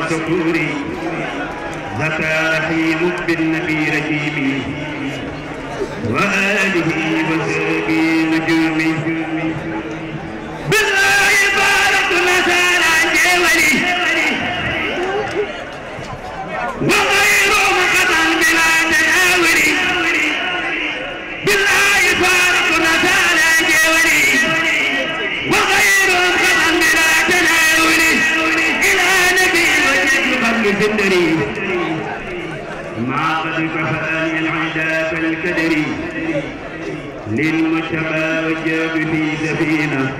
وسطوري ذكى رحيم بالنبي رحيم وآله وزوجه الكندري مع قد كفاني العذاب الكدري وجاب في سفينة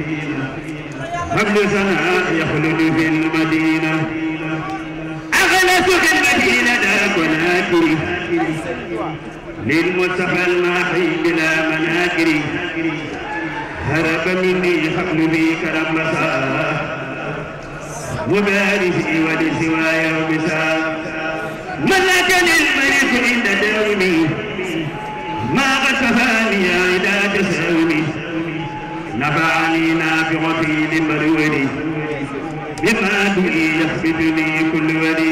قبل سنة يخلد في المدينة أغلس في المدينة كناكري للمصطفى الماحي بلا مناكري هرب مني حقل بي كرم مسار مبارسي ولسوى يوم سام ملكني الملك عند دومي ما قد كفاني إذا تسعوني نفعني نافعتي لمروني بما تلي يخفتني كل ولي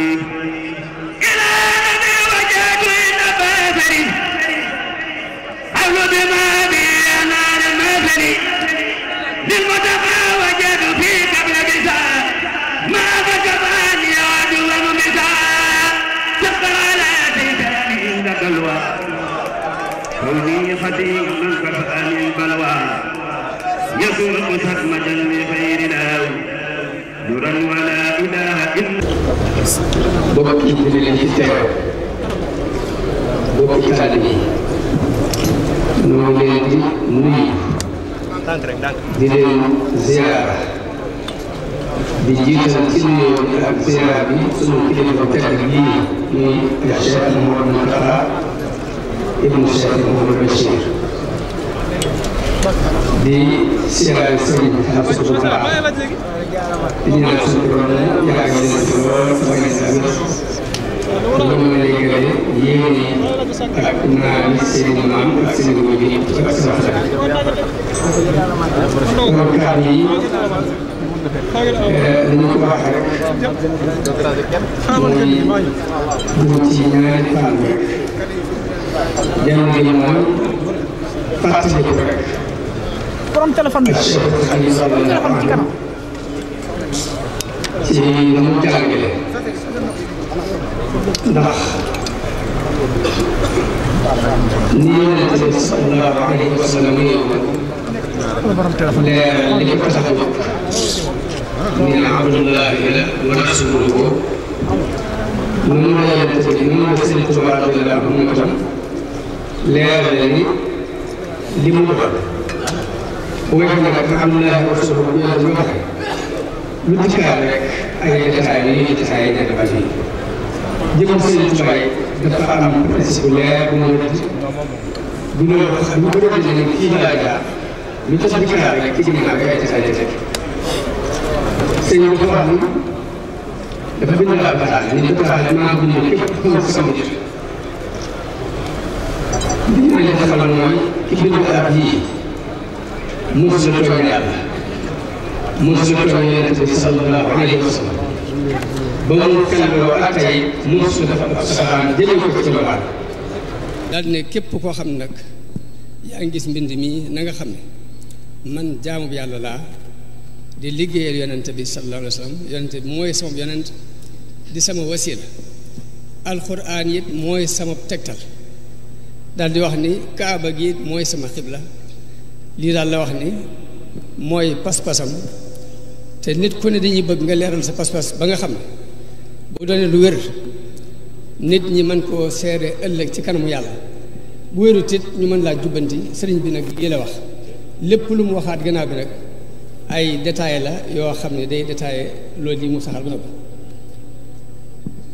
خديم من كفاني البلوى يسوق سكمة لخير ناو نورا ولا إله إلا بوك جبل الانتهاء بوك إتالي نوغي دي نوي دي دين زيارة di jiital ci nuyoo bi ak ziara bi sunu kilifa tedd bii muy Cheikh Mouhamadou Mountakha ibnu Cheikh Mouhamadou Bachir bi si bu baax di ñaan suñu borom yàgg leen si lool bañ a tamit loolu la yëgale yéene naa ni seen maam ak seen góor bi ak sama xarit borom kaar yi dañu ko jàng gi mooy fàttaliku rek. borom téléphone bi. borom téléphone ci kanam. ci nu mu jàngale. ndax ni yonente bi sallallahu alayhi wa sallam leeral li ko tax a jóg ni abdullahi la wa rasuluhu noonu la yonente bi noonu la sëñ Tuubaa radiyallaahu anhu leerale ni li mu doon bu nga xam am naa wax suuf bu yàlla ñoo tax lu ay détails yi ñuy détails yi nekk bàcc yi jëmmal seen tubaay dafa am principe leer mu nit bu ñu wax bu ko defee ne kii laa jaar lu tax dikkaat rek ci ginnaaw bi ay détails am dafa bind la bataax ni bataax ku sama jëf ma ne képp koo xam nag yaa ngi gis mbind mii nanga xam ne man jaamu yàlla laa di liggéeya yonente bi sallallahu alayhi bi mooy sama yonent di sama wasila alquran it mooy sama tegtal daal di wax ni kaaba gi mooy sama la lii daal la wax ni mooy pas-pasam te nit ku ne dañuy bëgg nga leeral sa pas-pas ba nga xam ne bu doonee lu wér nit ñi mën koo seere ëllëg ci kanamu yàlla bu wérut it ñu mën laa jubbanti sëriñ bi nag lii la wax lépp lu mu waxaat gannaaw bi nag ay détails la yoo xam ne day détaillé loolu yi mu saxal ba noppi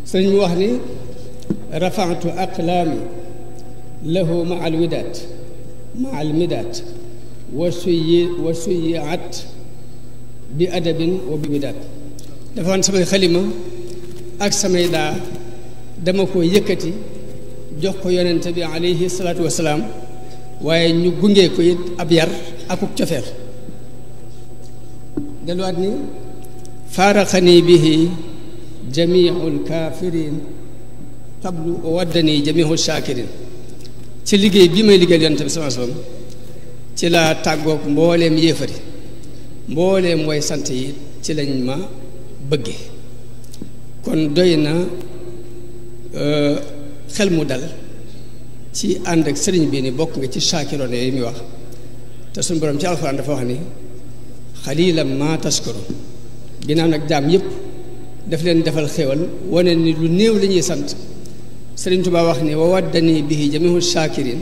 sëriñ mu wax ni rafaatu aqlaami له مع الودات مع المدات وسي وسيعت بأدب وبمداد dafa woon samay xalima ak samay daa dama ko yëkkati jox ko yonente bi alayhi salaatu wasalaam waaye ñu gungee ko it ab yar akuk cofeer delluwaat ni faaraxani bihi jamiu lkafirin qablu waddani jamiu shakirin ci liggéey bi may liggéeyal yonent bi sama soom ci laa tàggook mbooleem yéefari mbooleem way sant yi ci lañ ma bëgge kon doy na euh, xel mu dal ci ànd ak sëriñ bi ni bokk nga ci shaakiroona yi muy wax te suñu borom ci alxuraan dafa wax ni xaliilan maa tashkuru ginnaaw nag jaam yépp daf leen defal xéwal wane ni lu néew lañuy sant sëriñ Tuubaa wax ni wa waddani bihi jamihu shaakirin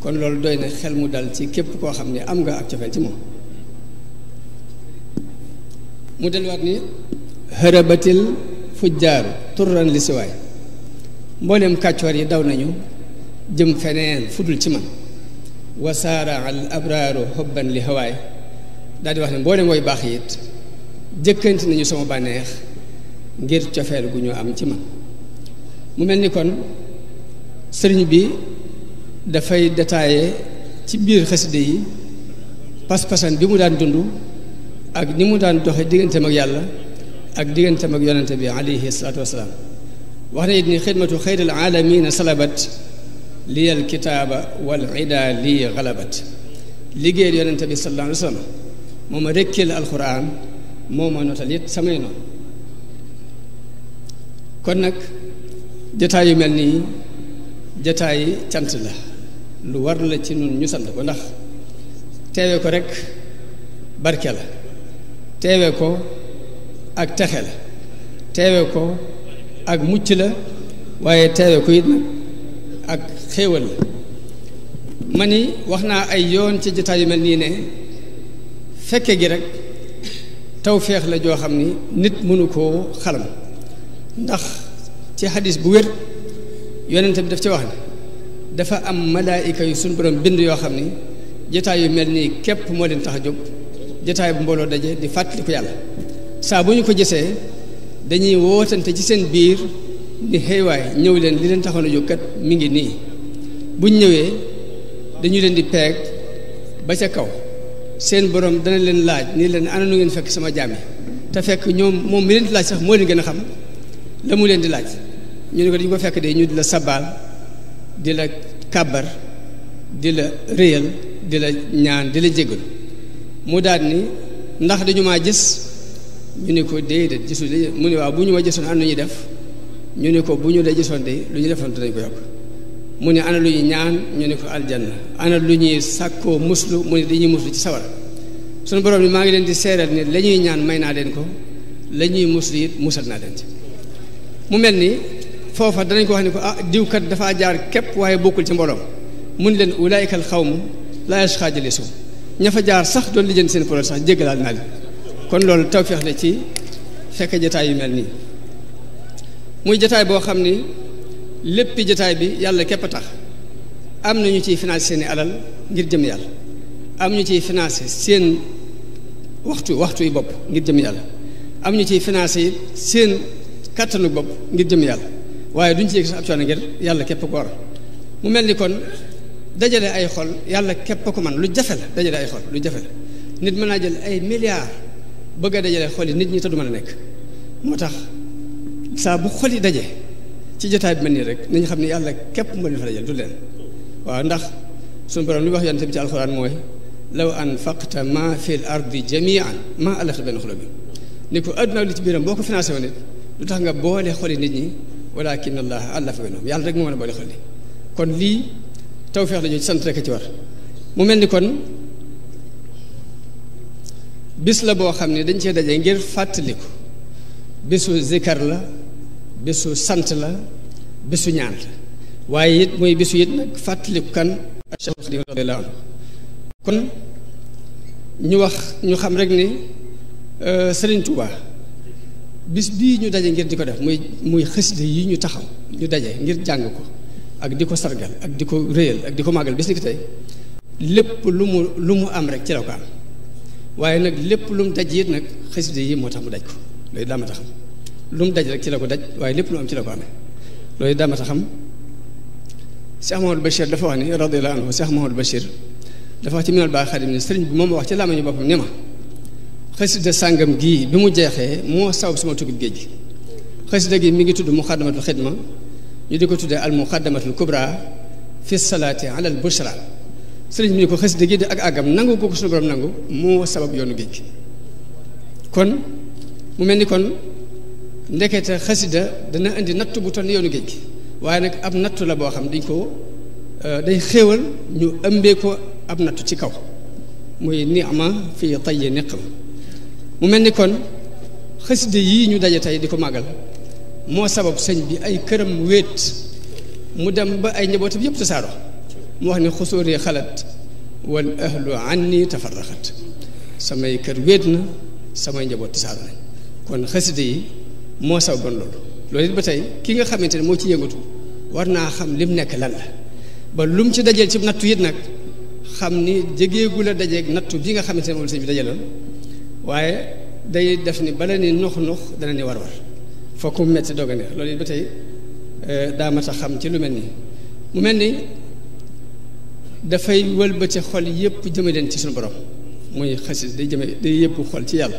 kon loolu doy na xel mu dal ci képp koo xam ne am nga ak cofeel ci moom mu delluwaat ni hërëbatil fujjaaru turran li mboolem mbooleem kàccoor yi daw nañu jëm feneen fudul ci man wasaara al abraaru hobban li hawaay wax ne mbooleem woy baax it jëkkanti nañu sama bànneex ngir cofeel gu ñu am ci man mu mel ni kon sëriñ bi dafay détaillé ci biir xasida yi pas-pasan bi mu daan dund ak ni mu daan doxe digganteem ak yàlla ak digganteem ak yonente bi alayhi salaatu wasalaam wax na it ni xidmatu xayril aalamina salabat liyal kitaaba wal ida lii galabat liggéeyal yonente bi sallallahu alayhi wa sallam moo ma rekkil alquran moo ma notal it samay noon kon nag jataay yu mel nii jataay cant la lu war la ci nun ñu sant ko ndax teewe ko rekk barke la teewe ko ak texe la teewe ko ak mucc la waaye teewe ko it ak xéewal la ma ni wax naa ay yoon ci jataay yu mel nii ne fekke gi rek tawféex la joo xam ni nit mënu koo xalam ndax ci xadis bu wér yonente bi daf ci wax ne dafa am malaayika yu suñ borom bind yoo xam ni jataay yu mel nii képp moo leen tax a jóg jataay bu mbooloo daje di fàttaliku yàlla saa bu ñu ko gisee dañuy wootante ci seen biir ni xëywaay ñëw leen li leen taxoon a jóg kat mi ngi nii buñ ñëwee dañu leen di peeg ba ca kaw seen borom dana leen laaj ni leen ana nu ngeen fekk sama jaam yi te fekk ñoom moom mi leen di laaj sax moo leen gën a xam la mu leen di laaj ñu ne ko dañu ko fekk de ñu di la sabaal di la kàbbar di la réyal di la ñaan di la jégal mu daal ni ndax dañu ma gis ñu ne ko déedéet gisul mu ne waaw bu ñu ma gisoon am na ñuy def ñu ne ko bu ñu la gisoon de lu ñu defoon dinañ ko yokk mu ne ana lu ñuy ñaan ñu ne ko aljanna ana lu ñuy sàkkoo muslu mu ne ñuy muslu ci sawara sunu borom ni maa ngi leen di seeral ni lañuy ñaan may naa leen ko la ñuy muslu it musal naa leen ci mu mel ni fofa dañ ko wax ne ko ah diw kat dafa jaar kep waye bokul ci mbolom mun len ulaikal khawm la laa yasxaa ña fa jaar sax doon lijjanti seen problème sax jéggalaal na li kon loolu tawféex la ci fekk jotaay yu melni muy jotaay bo xamni lepp jotaay bi yàlla kep tax am na ñu ciy financé seeni alal ngir jëm yàlla am ñu ci financer seen waxtu waxtu yi bop ngir jëm yàlla am ñu ci financer seen katanu bop ngir jëm yàlla waaye duñ ci yëg sax ab coono ngir yàlla képp ko war mu mel ni kon dajale ay xol yàlla képp ko man lu jafe la dajale ay xol lu jafe la nit mën naa jël ay milliards bëgg a dajale xol yi nit ñi te du mën a nekk moo tax saa bu xol yi daje ci jotaay bi mel nii rek nañu xam ne yàlla képp moo leen fa dajal du leen waaw ndax suñu borom li wax yonent bi ci alxuraan mooy law an faqta ma fi l ardi jamian ma alafta benn xolo bi ni ko adduna li ci biiram boo ko financé woon nit lu tax nga boole xoli nit ñi walakin allah allafa baynahum yàlla rek moo mën a boole xol kon lii tawfeex la ñu sant rek ci war mu mel ni kon bis la boo xam ne dañ cee daje ngir fàttaliku bisu zikar la bisu sant la bisu ñaan la waaye it mooy bisu it nag fàttaliku kan radiyallahu anhu kon ñu wax ñu xam rek ni euh, Sëriñ Tuubaa bis bii ñu daje ngir di ko def muy muy xasida yi ñu taxaw ñu daje ngir jàng ko ak di ko sargal ak di ko réyal ak di ko màggal bis ni ko tey lépp lu mu lu mu am rek ci la ko am waaye nag lépp lu mu daj it nag xasida yi moo tax mu daj ko loolu daa ma tax xam lu mu daj rek ci la ko daj waaye lépp lu am ci la ko ma tax xam Cheikh Mahamadou Bachir dafa wax ni radiyallahu wax ci minal baa xadim ne bi moom wax ci làmmiñu boppam ne ma xasida sàngam gi bi mu jeexee mo sabab sama tugub géej gi gi mi ngi tuddu muqaddamatul khidma ñu diko tuddé al muqaddamatul kubra fi salati ala al bushra sëriñ mi ko xasida gi di ak agam nangu ko suñu borom nangu mo sabab yonu géej kon mu melni kon ndekete xasida dana andi nattu bu ton yonu géej waye nak ab nattu la bo xam dañ ko day xewal ñu ëmbee ko ab nattu ci kaw moy ni'ma fi tayyi niqam mu mel ni kon xaside yii ñu daje tey di ko màggal moo sabab sëñ bi ay këram wéet mu dem ba ay njabootam yëpp tasaaro mu wax ne xusóori xalat wal ahlu anni tafarraxat samay kër wéet na samay njaboot tasaaro nañ kon xaside yi moo sababoon loolu loolu it ba tey ki nga xamante ne moo ci yëngatu war naa xam li mu nekk lan la ba mu ci dajee ci nattu it nag xam ni jegeegu la dajeeg nattu bi nga xamante ne moom sëñ bi dajeeloon waaye day def ni bala ni nux nux dana ni war war fokk mu metti doog a loolu it ba tey euh, daa mat xam ci lu mel nii mu mel ni dafay wëlbati xol yépp jëme leen ci suñu borom muy xasis day jëme day yépp xol ci yàlla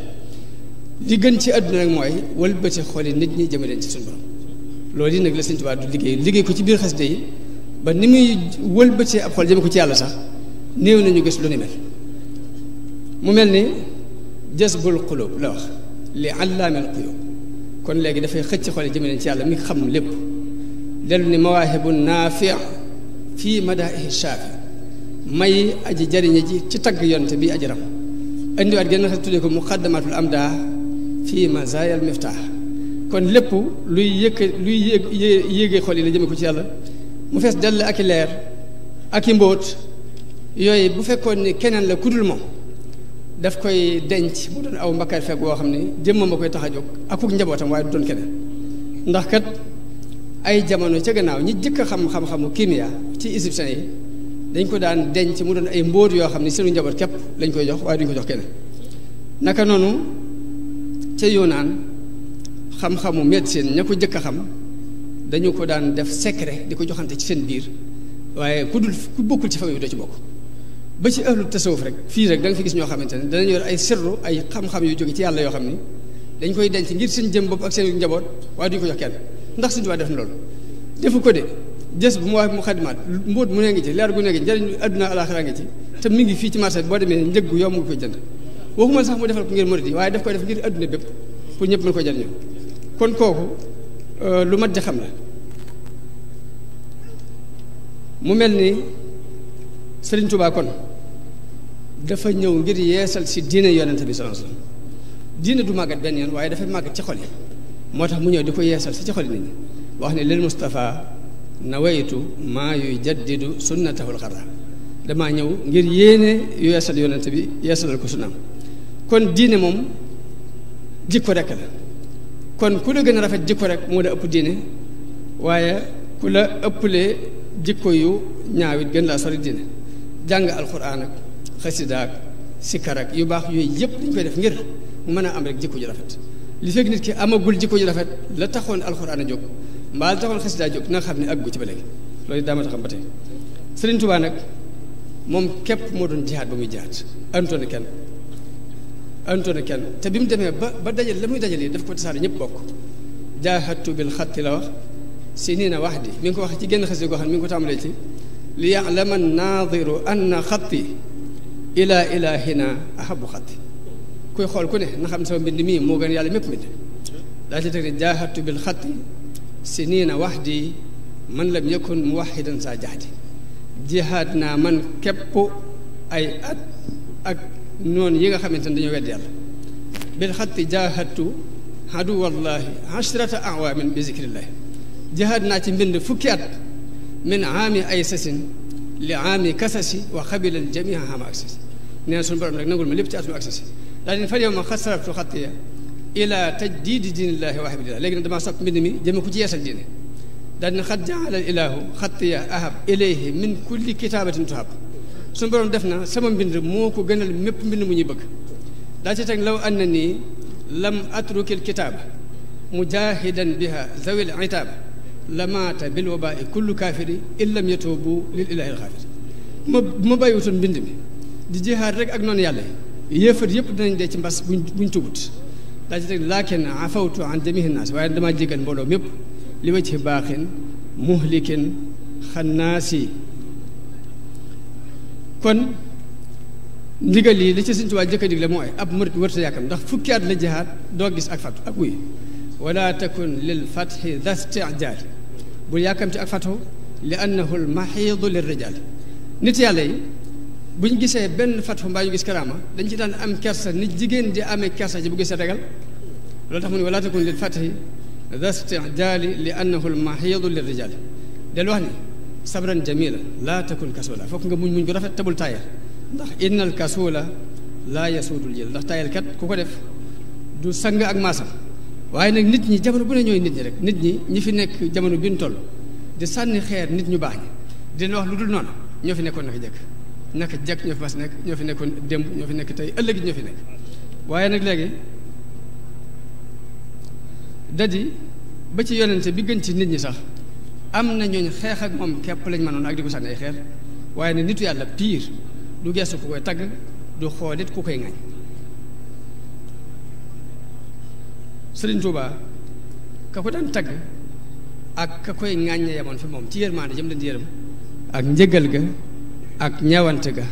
li gën ci àdduna nag mooy wëlbati xol yi nit ñi jëme ci suñu borom loolu yi nag la Sëñ Tuubaa du liggéey liggéey ko ci biir xasida yi ba ni muy wëlbatee ab xol jëme ko ci yàlla sax néew nañu gis lu ni mel mu mel ni جذب القلوب لا لعلام القلوب كون لاغي دا فاي خيتي خولي جيمي ان شاء الله مي خم ليب دلني مواهب النافع في مدائه الشافع ماي اجي جارني جي تي تاغ يونت بي اجي رام اندي وات جنات تديكو مقدمات الامدا في مزايا المفتاح كون ليب لوي ييك لوي ييغي خولي لا جيمي كو سي الله مو فيس دل اك لير اك مبوت يوي بو فيكون كينن لا كودول مو daf koy denc mu doon aw mbakkaay fekk woo xam ne jëmmam a koy tax a jóg akuk njabootam waaye du doon keneen ndax kat ay jamono ca gannaaw ñi jëkk a xam xam-xamu kimiya ci égyptiens yi dañ ko daan denc mu doon ay mbóot yoo xam ne seenu njaboot képp lañ koy jox waaye duñ ko jox keneen naka noonu ca Yunaan xam-xamu médecine ña ko jëkk a xam dañu ko daan def secret di ko joxante ci seen biir waaye ku dul ku bokkul ci famille bi doo ci bokk ba ci ahlu tasawuf rek fii rek da nga fi gis ñoo xamante ne danañ yor ay sirru ay xam-xam yu jóge ci yàlla yoo xam ni dañ koy denc ngir seen jëm bopp ak seen njaboot waaye duñ ko jox kenn ndax suñu waa def na loolu defu ko de jës bu mu wax mu xadimaat mbóot mu ne ngi ci leer gu nekk ngi njëriñ adduna alaxira ngi ci te mi ngi fii ci marché bi boo demee njëg gu yomb nga koy jënd waxuma sax mu defal ko ngir murid yi waaye daf koy def ngir adduna bépp pour ñëpp mën ko jëriñoo kon kooku euh, lu mat di xam la sëriñ Tuubaa kon dafa ñëw ngir yeesal si diine yonent bi sallallahu alayhi diine du màggat benn yoon waaye dafa màggat ci xol moo tax mu ñëw di ko yeesal si ci xol yi ne ñi wax ne lil Mustafa nawaytu maa yuy jaddidu sunnatahul xarra damaa ñëw ngir yéene yeesal yonent bi yeesalal ko su sunnaam kon diine moom jikko rek la kon ku la gën a rafet jikko rek moo la ëpp diine waaye ku la ëpplee jikko yu ñaawit gën laa sori diine jàng alquran ak xasida ak sikar ak yu baax yooyu yëpp dañ koy def ngir mu mën a am rek jikko ju rafet li fekk nit ki amagul jikko ju rafet la taxoon alquran a jóg mbaa la taxoon xasida jóg na nga xam ne àggu ci ba léegi loolu daa ma taxam ba tey sëriñ tubaa nag moom képp moo doon jihaat ba muy jihaat antoon kenn antoon kenn te bi mu demee ba ba dajal la muy dajal yi daf ko tasaare ñëpp bokk jaahatu bil xatti la wax si nii na wax di mi ngi ko wax ci genn xasida goo xam ne mi ngi ko tàmbalee ci ليعلم الناظر أن خطي إلى إلهنا أحب خطي كوي خول كوني نخم سو بند مي مو غن يالا ميب ميد لا تتري جاهدت بالخط سنين وحدي من لم يكن موحدا ساجد جهادنا من كبو أي أت أك نون ييغا خامتان دانيو ويد يالا بالخط جاهدت عدو الله عشرة أعوام بذكر الله جهادنا تي مبند فكيات من عام أيسس لعام كسس وقبل الجميع هم أكسس ناس سن نقول من لبت أكسس لكن فاليوم ما خسرت في خطية إلى تجديد دين الله وحب الله لكن عندما صبت مني جمع كتية يسل دينه لأن قد جعل الإله خطية أهب إليه من كل كتابة تهب سن برم دفنا سمم بن موكو جنل مب من من يبك لا لو أنني لم أترك الكتابة مجاهدا بها ذوي العتابه لمات بالوباء كل كافر إن لم يتوبوا للإله الغافر ما بايوتون بندمي دي جهاد رك rek نون يالله yàlla ييب دنا yëpp سي مباس بون mbas buñ buñ tubut daa ci teg laakin afawtu an jamihi naas waaye damaa jégal mbooloo mépp li ndigal yi li ci Sëñ Tuubaa jëkk a digle mooy ab murid wërta yakam ndax fukki at la jihad do gis ak fatu ak wala takun lil fath dhasti'jal bul yàkkamti ak fatu li annahu l maxiidu lirrijal nit yàlla yi bu ñu gisee benn fatu mbaa ñu gis karaama dañ ci daan am kersa nit jigéen di amee kersa ji bu gisee regal loolu tax mu ne takun lil fatahi da li annahu l maxiidu lirrijal del wax ni sabran jamila laa takun kasula fokk nga muñ muñ ko rafet tabul taayal ndax innal kasula laa yasuudul jël ndax taayal kat ku def du sang ak maasam waaye nag nit ñi jamono bu ne ñooy nit ñi rek nit ñi ñi fi nekk jamono bi ñu toll di sànni xeer nit ñu baax ñi di wax lu dul noon ñoo fi nekkoon naka jekk naka jekk ñoo fi mas nekk ñoo fi nekkoon démb ñoo fi nekk tey ëllëg ñoo fi nekk waaye nag léegi dadi ba ci yonente bi gën ci nit ñi sax am na ñooñ xeex ak moom képp lañ mënoon ak di ko sànni ay xeer waaye nag nitu yàlla piir du geesu ku koy tagg du xoolit ku koy ŋañ sëriñ Tuuba ka ko daan tagg ak ka koy ŋàññe yemoon fi moom ci yërmaande jëm leen di yërëm ak njëgal ga ak ñawante ga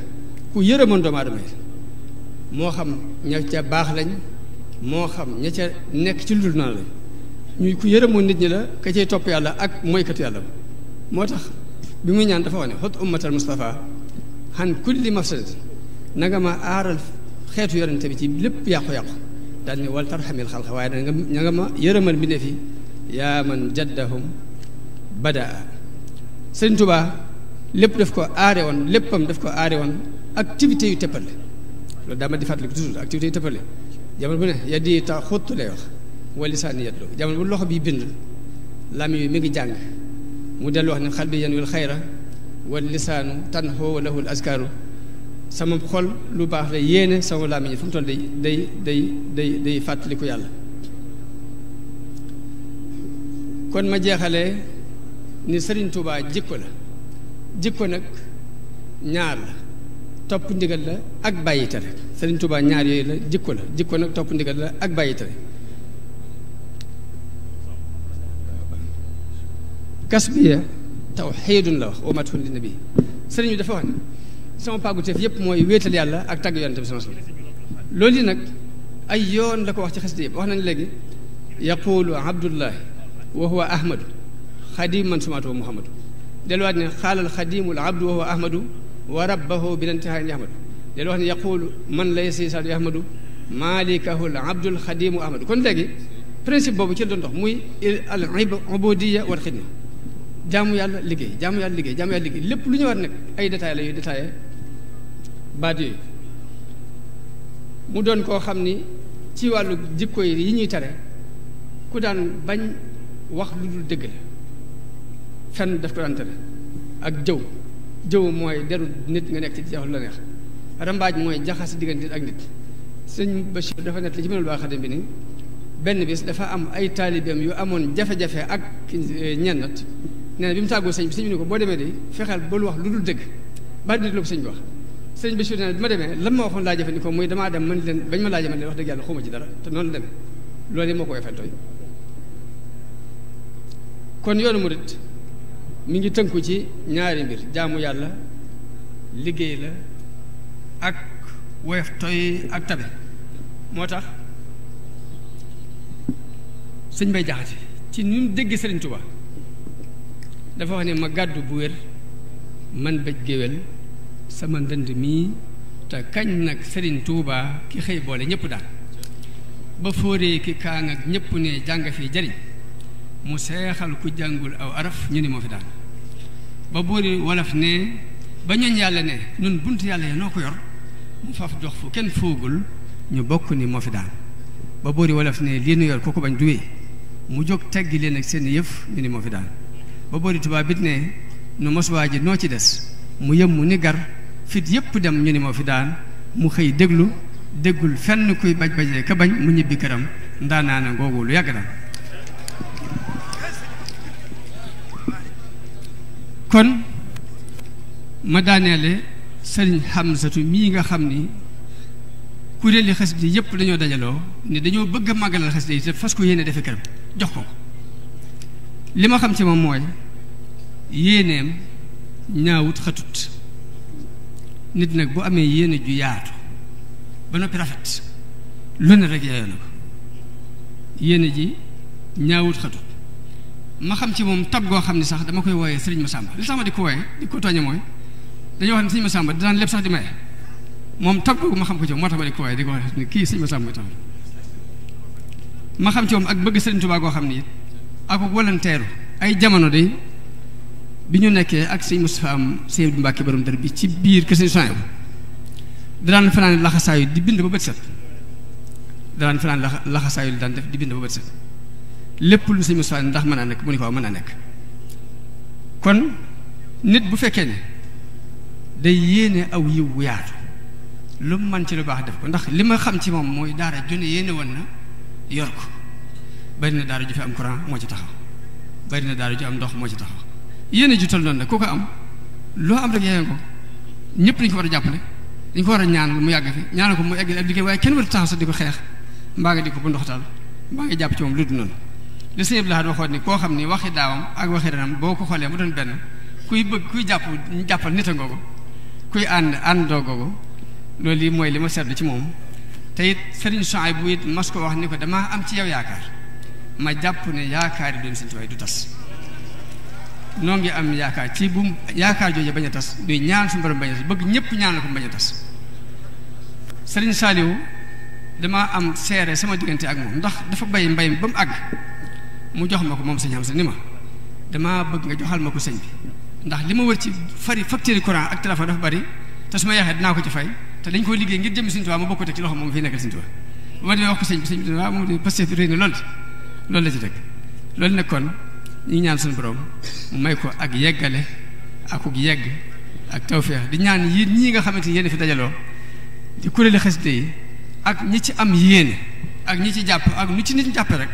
ku yërëmoon doomu aadama yi moo xam ña ca baax lañ moo xam ña nekk ci ludul noonu lañ ñuy ku yërëmoon nit ñi la ka cay topp yàlla ak moykatu yàlla moo tax bi muy ñaan dafa wax ne xot ummatal Mustafa han kulli mafsadat na nga ma aaral xeetu yorante bi ci lépp yàqu-yàqu daal ni wal tarxamil xalqa waaye da nga ña nga ma yërëmal bi ne fi yaa man jaddahum badaa sëriñ tubaa lépp daf ko aare woon léppam def ko aare woon activité yu tëppale dama di fàttali ko toujours activité yu tëppale jamono bu ne yaddi ta xottu wax wala saani yaddu jamono bu loxo bi bind lam yi mi ngi jàng mu dellu wax ne xal bi yan wil xayra wal lisaanu tanxoo wa lahul askaaru sama xol lu baax la yéene sama làmmiñ fu mu toll day day day day day fàttaliku yàlla kon ma jeexalee ni Sëriñ Tuubaa jikko la jikko nag ñaar la topp ndigal la ak bàyyi tere Sëriñ Tuubaa ñaar yooyu la jikko la jikko nag topp ndigal la ak bàyyi tere kas biya tawxiidun la wax omatun li nabi sëriñ bi dafa wax ne sama pagu pàgguteef yëpp mooy wéetal yàlla ak tàgg yonte bi sama sama loolu yi nag ay yoon la ko wax ci xasida yëpp wax nañ léegi yaqulu abdullah wa huwa ahmad xadim man sumaatu wa muhammadu delluwaat ne xaalal xadimul abdu wa huwa ahmadu wa rabbahu bi lantihaayin ahmadu dellu wax ne yaqulu man lay si saadu ahmadu maalikahul abdul xadimu ahmadu kon léegi principe boobu ci doon dox muy al ubudiya wal xidma jaamu yàlla liggéey jaamu yàlla liggéey jaamu yàlla liggéey lépp lu ñu war nag ay détails la yuy détaillé baat mu doon koo xam ni ci wàllu jikko yi ñuy tere ku daan bañ wax lu dul dëgg la fenn daf ko daan tere ak jëw jëw mooy deru nit nga nekk ci jaxul la neex rambaaj mooy jaxas diggante ak nit sëñ Bachir dafa nekk li ci mënul baa xadim bi ni benn bis dafa am ay taalibeem yu amoon jafe-jafe ak eh, ñennat nee na bi mu tàggoo sëñ bi sëñ ko boo demee de fexeel ba wax lu dul dëgg bari nit bi wax sëñ Bachir ne bi demee lan ma laa jëfandikoo muy damaa dem man leen bañ ma laajee man leen te noonu la moo ko wefel tooñ kon yoonu ci ñaari mbir jaamu yàlla liggéey la ak woyof toy ak tabe moo tax sëñ bay jaxate ci ni mu dégg sëriñ Tuubaa dafa wax ne ma gàddu bu wér man bëj géwél sama ndënd mii te kañ nag Serigne Touba ki xëy boole ñëpp daal ba fóoree ki kaang ak ñëpp ne jàng fi jariñ mu seexal ku jàngul aw araf ñu ni moo fi daal ba buuri wolof ne ba ñooñ yàlla bunt yàlla ko yor mu kenn foogul ñu bokk ni moo fi daal ba buuri wolof ne lii nu yor kooku bañ duwee mu jóg teggi leen ak seen yëf ñu ni moo fi daal ba buuri tubaab ne nu mos waa ji noo ci des mu yëm mu ni gar fit yëpp dem ñu ni moo fi daan mu xëy déglu déggul fenn kuy baj bajee ka bañ mu ñibbi këram ndaanaana googu lu yàgg na kon ma daaneele sëriñ Hamsatu mii nga xam ni kuréeli xasida yëpp dañoo dajaloo ne dañoo bëgg a màggalal xasida yi te fas ko yéene defe këram jox ko li ma xam ci moom mooy yéeneem ñaawut xatut nit nag bu amee yéene ju yaatu ba noppi rafet lu rek yaayoo na ko yéene ji ñaawut xatut ma xam ci moom tab goo xam ne sax dama koy wooyee sëriñ Masamba li sax ma di ko wooyee di ko tooñe mooy dañoo wax ne sëriñ Masamba dinaan lépp sax di maye moom tab googu ma xam ko ci moom moo tax ma di ko di ko wax ne kii sëriñ Masamba mooy tax ma xam ci moom ak bëgg sëriñ Tuubaa goo xam ne it ak walanteeru ay jamono de biñu nekké ak sey Moustapha am sey Abdou Mbacke borom dër bi ci biir kër sëñ Soyew fanane la laxasaayu di bind ba bët set danaan fanaan laxasaayu di daan def di bind ba bët set lépp lu sey Moustapha ndax mën naa nekk mu ne ko mën naa kon nit bu fekké ne day yéene aw yi wu yaatu lu man ci lu baax def ko ndax li ma xam ci moom mooy daara jone yéene woon na yor ko bari na daara ju fi am courant moo ci taxaw bari na daara ju am ndox moo ci taxaw yéene ji toll noonu nag ku ko am loo am rek yéene ko ñëpp dañu ko war a ko war a ñaanal mu yàgg fi ko mu egg ak liggéey kenn war a taxaw di ko xeex mbaa nga di ko bu ndoxtaal mbaa jàpp ci lu dul noonu li sëñ Abdou ni koo xam ni waxi daawam ak waxi renam boo ko xoolee mu doon benn kuy bëgg kuy jàpp jàppal nit a ngoogu kuy ànd àndoo googu loolu yi mooy li ma seetlu ci moom te it sëriñ Souhaïbou it mas ko wax ni ko damaa am ci yow yaakaar ma jàpp ne yaakaar yi doon seen tuwaay du tas noo ngi am yaakaar ci bu yaakaar jooju bañ a tas duy ñaan suñu borom bañ a tas bëgg ñëpp ñaan la ko bañ a tas sëriñ Saliou dama am seere sama diggante ak moom ndax dafa bay mbay ba mu àgg mu jox ma ko moom sëñ am sa ni ma damaa bëgg nga joxal ma ko sëñ bi ndax li ma wër ci fari facture courant ak téléphone dafa bari te su ma yeexee dinaa ko ci fay te dañ ko liggéey ngir jëm Sëñ Tuubaa ma bokk teg ci loxo moom fii nekkal Sëñ Tuubaa ba ma demee wax ko sëñ loolu la ci teg loolu nag kon ñu ñaan suñu borom may ko ak yeggale akuk yegg ak tawféex di ñaan yéen ñii nga xamante ni yéen fi dajaloo di kuréeli xasida yi ak ñi ci am yéene ak ñi ci jàpp ak nu ci nit jàpp rek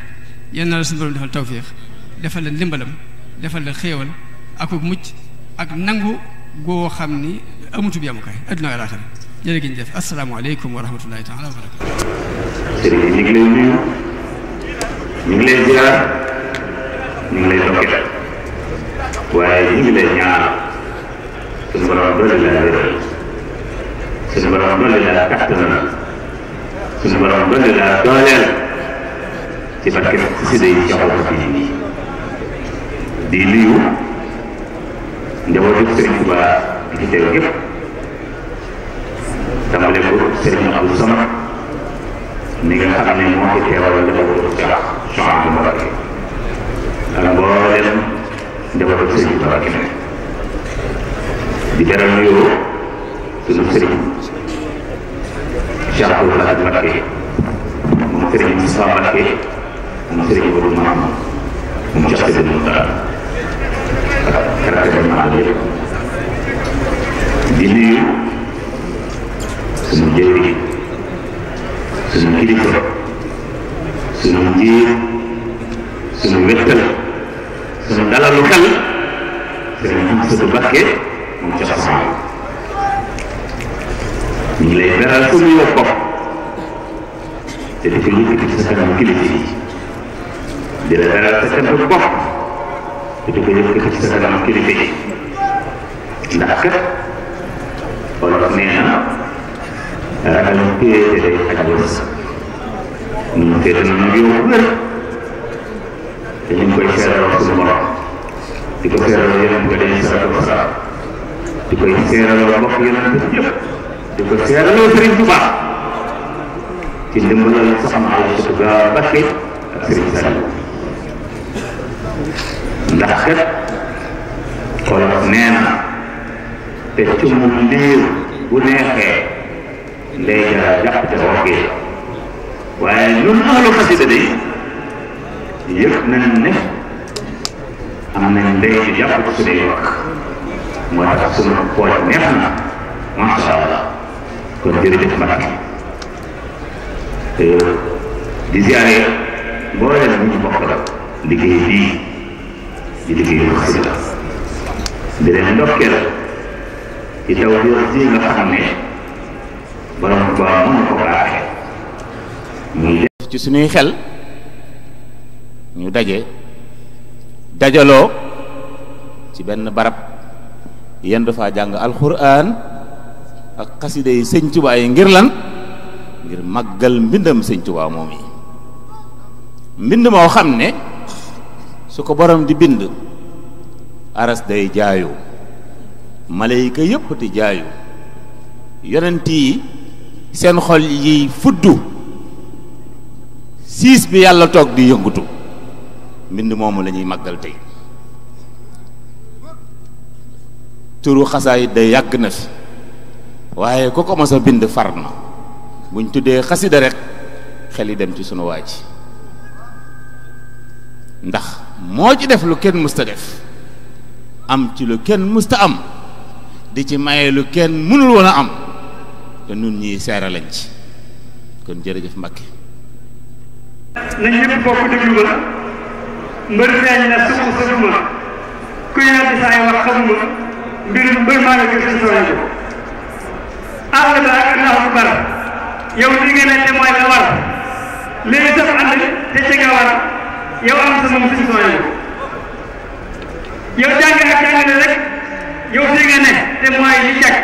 yéen na la suñu borom defal tawféex defal leen ndimbalam defal leen xéewal akuk mucc ak nangu goo xam ni amutu bi amukaay adduna alaaxira jërë ngeen jëf asalaamaaleykum wa rahmatullahi taala wa barakatu. jërëjëf ñu ngi lay nuyu ñu ngi lay ñu ngi lay dokkee waaye ñu ngi lay ñaan suñu borom dolli la wér suñu borom dolli la kàttan suñu borom dolli la dooleel ci barke si day joxal ko fii di nuyu njabootu Sëriñ Tuuba bi ci teew yëpp tàmbale ko Sëriñ Abdou Samad mi nga xam ne moo fi teewal njabootu Cheikh Chouhaïbou Mbacké ana mboolem njabootu di beral nuyoo suñu dalalu xel sëriñ Amsatu Mbakke moom ci xasan ñu ngi lay beral suñu yow bopp te di ko yëkkati ci sa kanam kilifa yi di la beral sa kanam bopp te di ko yëkkati ci sa kanam kilifa yi ndax kat wolof nee na ragal téye te day xaj wërs ñun féete nañu yow wér te ñu ngi koy seeral yang morom di ko seeral yeneen bu dañuy seeral ko saa di koy seeral mbokk yeneen bi yëpp di ko seeral sëriñ bu baax ci ndimbalal saxam al ko gaa bakke ak yëpp am nañ ndey ci jàpp ci day wax moo tax sunu neex na allah kon jërëjëf di ziare mboolem ñu bokk la liggéey bii di liggéeyu xasida di leen ndokkeel ci taw bi wax ji nga xam ne borom ba ko muy ci suñuy xel ñu daje dajaloo ci benn barab yéen dafaa jàng alxuraan ak xasida yi sëñ Tuubaa yi ngir lan ngir màggal mbindam sëñ Tuubaa moom yi mbind moo xam ne su ko borom di bind aras day jaayu malayka yëpp di jaayu yonent yi seen xol yi fuddu siis bi yàlla toog di yëngutu mbind moomu lañuy ñuy màggal tey turu xasaayit day yàgg na fi waaye ku ko mos bind far na buñ tuddee xasida rek xel yi dem ci sunu waa ji ndax moo ci def lu kenn musta def am ci lu kenn musta am di ci maye lu kenn mënul woon a am te nun ñii seera ci kon jërëjëf Mbàkke na mbër feeñ na sukk sëduma ku ñu nag saa yi wax xamuma mbirum mbër maa nga gis suñ sooy ko àll ba ak Allahu akbar te mooy la war léegi sax ànd te ci war yow am sa moom suñ sooy ko yow jàng ak jàngale te mooy li jag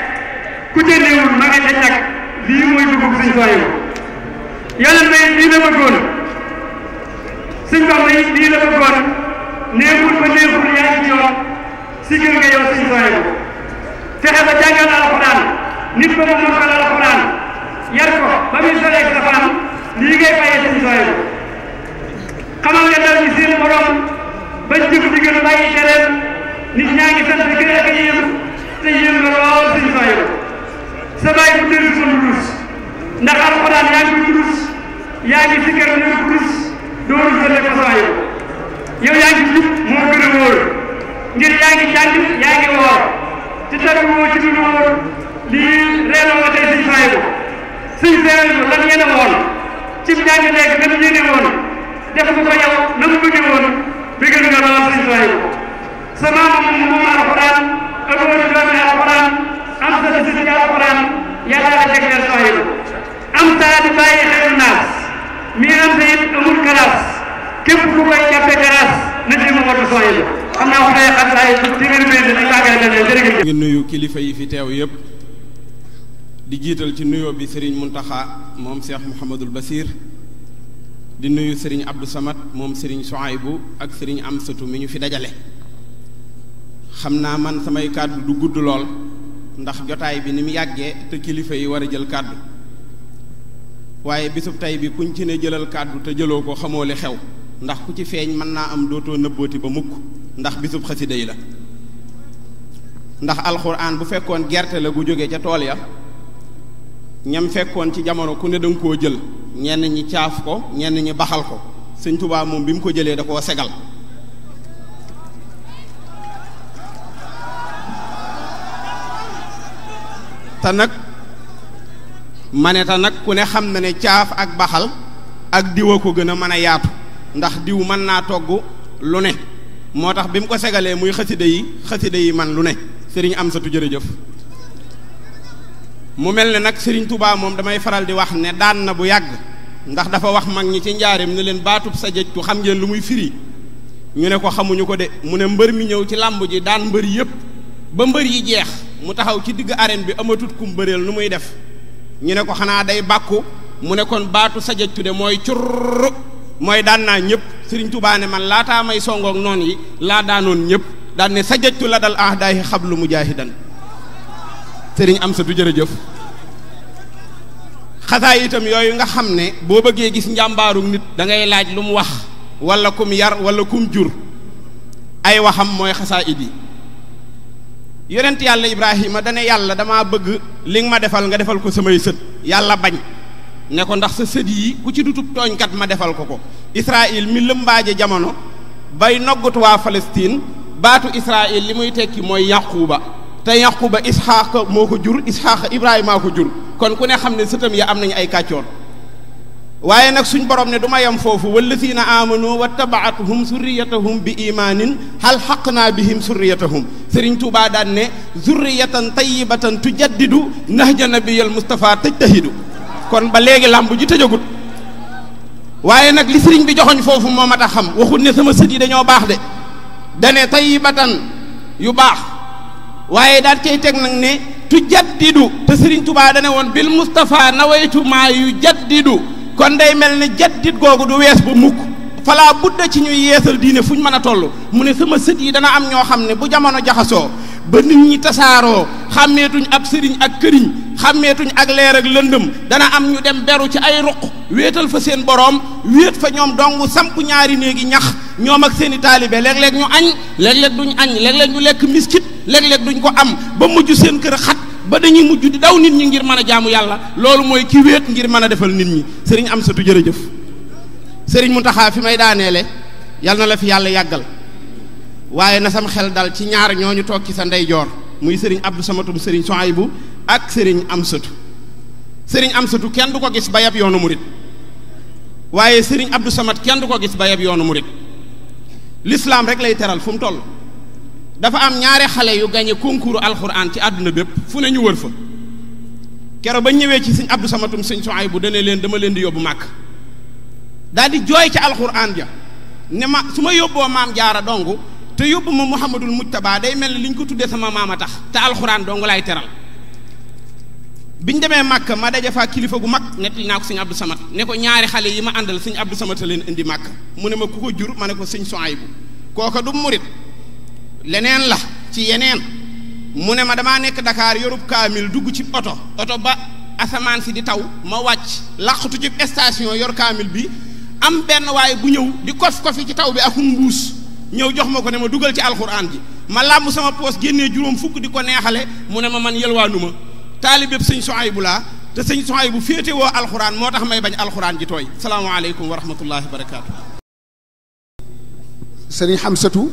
ku ca néewul ma nga ca jag lii mooy dugub suñ sooy ko yàlla mbay lii suñ bamba yi lii a bëggoon néewul ba néewul yaa ngi yoon si gën nga yow suñ sooy fexe ba jàngal alxuraan nit ba mu mokkal alxuraan yar ko ba muy soleeg safaan lii ngay bàyyi suñ sooy xamal nga dal ñi morom ba jëf di gën bàyyi tereem nit ñaa ngi sant gën ak yéem te yéem nga lool suñ sooy sa bàyyi bu dëri sun rus ndax alxuraan yaa ngi rus yaa ngi sikkar ne rus dooru sële ko saa yow yow yaa ngi jub moo gën a wóor ngir yaa ngi jàng yaa ngi woor ci tegu woo ci lu wóor lii reena ma tey siñ saa yow siñ saa yow lan ngeen a woon ci njàng mu bëgg woon bëggal nga lool siñ saa yow sa maama moom moom alxuraan ak moom doomi alxuraan am sa si si alxuraan yàlla naas miinam sa it amul kalaas képp ku koy jàppee kalaas na ci Mamadou Soye la xam naa xam naa yëpp téeméeri mbéy ngi nuyu kilifa yi fi teew yëpp di jiital ci nuyoo bi Serigne Mountakha moom seex Mouhamadul Basir di nuyu Serigne Abdou Samad moom Serigne Souaibou ak Serigne Amsatou mi ñu fi dajale. xam naa man samay kàddu du gudd lool ndax jotaay bi ni mu yàggee te kilifa yi war a jël kàddu. waaye bisub tey bi kuñ ci ne jëlal kàddu te jëloo ko xamoo li xew ndax ku ci feeñ mën naa am dootoo nëbbooti ba mukk ndax bisub xasida yi la ndax alxuraan bu fekkoon gerte la gu jóge ca tool ya ñam fekkoon ci jamono ku ne danga koo jël ñenn ñi caaf ko ñenn ñi baxal ko sëñ Tuubaa moom bi mu ko jëlee da koo segal te nag maneta nak ku ne xam na ne tiaf ak baxal ak diwa ko gën a mën yaatu ndax diw man na togg lu ne motax tax ko segalee muy xëtide yi xëtide yi man lu ne serigne am satu jërëjëf mu mel nak serigne touba mom damay faral di wax ne daan na bu yagg ndax dafa wax mag ñi ci ndiarim ne leen batup sa tu xam ngeen lu muy firi ñu ne ko xamuñu ko de mu ne mbeur mi ñew ci lamb ji daan mbeur yépp ba mbeur yi jeex mu taxaw ci digg arène bi amatut kum bëreel nu muy def ñu ne ko xanaa day bàkku mu ne kon baatu sajaj de mooy curr mooy daan naa ñëpp sëriñ Tuubaa ne man laataa may songoog noon yi laa daanoon ñëpp daan ne sajajtu la dal xab lu mu xablu mujaahidan sëriñ am sa du jërëjëf xasaa itam yooyu nga xam ne boo bëggee gis njàmbaaru nit da ngay laaj lu mu wax wala kum yar wala kum jur ay waxam mooy xasaa idi yonent yàlla ibrahima dane yàlla damaa bëgg li ma defal nga defal ko samay sët yàlla bañ ne ko ndax sa sët ku ci dutub tooñkat ma defal ko ko israil mi lëmbaaje jamono bay noggut waa Palestine baatu israil li muy tekki mooy yaquba te yaquba isxaaqa moo ko jur isxaaqa ibrahimaa ko jur kon ku ne xam ne sëtam ya am nañu ay kàccoor waye nak suñ borom ne duma yam fofu foofu amanu wattaba'atuhum tabaatuhum zurriyatahum hal haqna bihim zurriyatahum serigne touba daan ne zurriyatan tayyibatan tujaddidu nahja nabiyal Mustafa tajtahidu kon ba legi làmb ji tëjagut waye nak li serigne bi joxogn fofu momata xam waxut ne sama sët yi bax de dane tayyibatan yu bax waye dal cey tek nak ne tujaddidu te serigne touba dane won bil Mustafa nawaytu ma yujaddidu kon day mel ni jaddit googu du wees ba mukk falaa budda ci ñuy yeesal diine fu ñu mën a toll mu ne sama sët yi dana am ñoo xam ne bu jamono jaxasoo ba nit ñi tasaaroo xàmmeetuñ ab sëriñ ak këriñ xàmmeetuñ ak leer ak lëndëm dana am ñu dem beru ci ay ruq wéetal fa seen boroom wéet fa ñoom dong samp ñaari néegi ñax ñoom ak seen i taalibe léeg-léeg ñu añ léeg-léeg duñ añ léeg-léeg ñu lekk miskit léeg-léeg duñ ko am ba mujj seen kër xat ba dañuy mujj di daw nit ñi ngir mën a jaamu yàlla loolu mooy ki wéet ngir mën a defal nit ñi sëriñ am satu jërëjëf sëriñ taxaa fi may daaneele yal na la fi yàlla yàggal waaye na sam xel dal ci ñaar ñooñu toog ci sa ndeyjoor muy sëriñ Abdou Samatum sëriñ bu ak sëriñ am satu sëriñ am satu kenn du ko gis ba yab yoonu murit waaye sëriñ Abdou samat kenn du ko gis ba yab yoonu mu murit lislaam rek lay teral fu mu toll dafa am ñaari xale yu gañe concours alxuraan ci àdduna bépp fu ne ñu wër fa kero ba ñëwee ci sëñ Abdou Samatum sëñ Soxaay bu dane leen dama leen di yóbbu màkk daal di jooy ci alxuraan ja ne ma su ma yóbboo maam jaara dong te yóbbu ma Muhammadul Mujtaba day mel ne li ko tuddee sama maam a tax te alxuraan dong laay teral biñ demee màkk ma daje kilifa gu mag nettali naa ko sëñ Abdou Samat ne ko ñaari xale yi ma àndal sëñ Abdou sama a leen indi màkk mu ne ma ku ko ma ne ko sëñ Soxaay bu kooka leneen la ci yeneen mu ne ma dama nekk Dakar yorub kaamil dugg ci oto oto ba asamaan si di taw ma wàcc làqatu ci station yor kaamil bi am benn waaye bu ñëw di kof kofi ci taw bi ak mbuus ñëw jox ma ko ne ma dugal ci alxuraan ji ma làmb sama poos génnee juróom fukk di ko neexale mu ne ma man yelwaanu ma taalibeb sëñ Sohaybu laa te sëñ Sohaybu féete woo alxuraan moo tax may bañ alxuraan ji tooy salaamaaleykum wa rahmatullahi wa barakaatu. sëriñ Hamsatu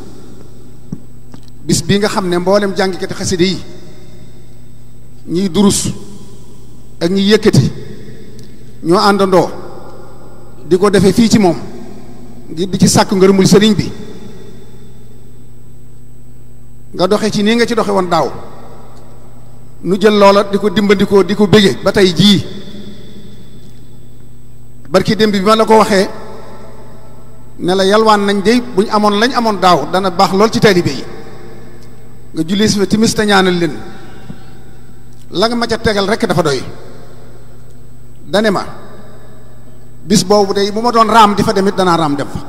bis bi nga xamne mbollem jangi kete xaside yi ñi durus ak ñi yëkkati ño andando di defé fi ci mom di ci sàkk ngërëmul serigne bi nga doxé ci ni nga ci doxé won daw nu jël loola di dimbandiko diko di batay ji barki démb bi ma la ko waxé ne la yalwaan nañ de buñ amoon lañ amoon daw dana bax lol ci yi nga julli si fa timis te ñaanal leen la nga ma ca tegal rekk dafa doy dane ma bis boobu day bu ma doon raam di fa demit danaa raam dem fa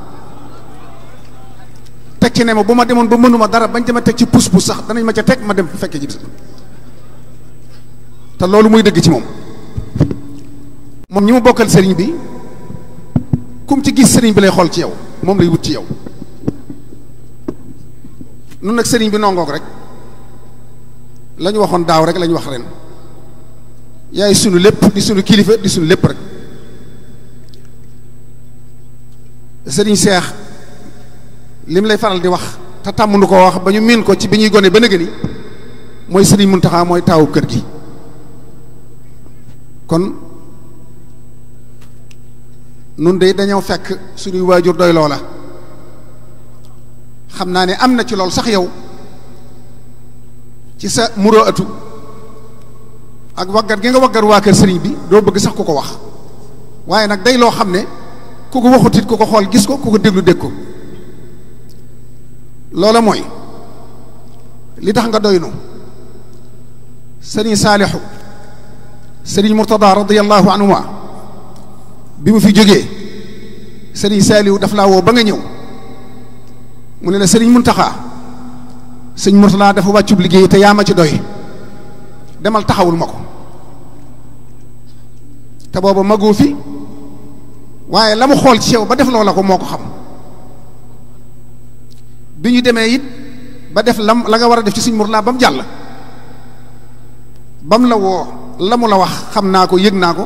teg ci ne ma bu ma demoon ba mënuma dara bañ dama teg ci pus pus sax danañ ma ca teg ma dem fekkee ji bis te loolu muy dëgg ci moom moom ñi mu bokkal sëriñ bi kum ci gis sëriñ bi lay xool ci yow moom lay wut ci yow nun nag sëriñ bi nongoog rek la waxoon daaw rek la wax ren yaay sunu lépp di sunu kilifa di sunu lépp rek sëriñ seex lim lay faral di wax te tàmm nu ko wax ba ñu miin ko ci bi ñuy gone ba nëgëni mooy sëriñ Muntaxa mooy taawu kër gi kon nun de dañoo fekk suñuy waajur doy loola xam naa ne am na ci loolu sax yow ci sa muroo atu ak waggar gi nga waggar waa kër sëriñ bi doo bëgg sax ku ko wax waaye nag day loo xam ne ku ko waxut it ku ko xool gis ko ku ko déglu dégg ko loola mooy li tax nga doy nu sëriñ saalixu sëriñ murtada radiallahu anhuma bi mu fi jógee sëriñ saalihu daf laa woo ba nga ñëw mu ne la sëriñ Muntaxa sëñ Murtala dafa wàccub liggéey te yaa ma ci doy demal taxawul ma ko te booba magoo fi waaye la mu xool ci yow ba def loola ko moo ko xam bi ñu demee it ba def lam la nga war a def ci sëñ Murtala ba mu jàll ba la woo la la wax xam naa ko yëg naa ko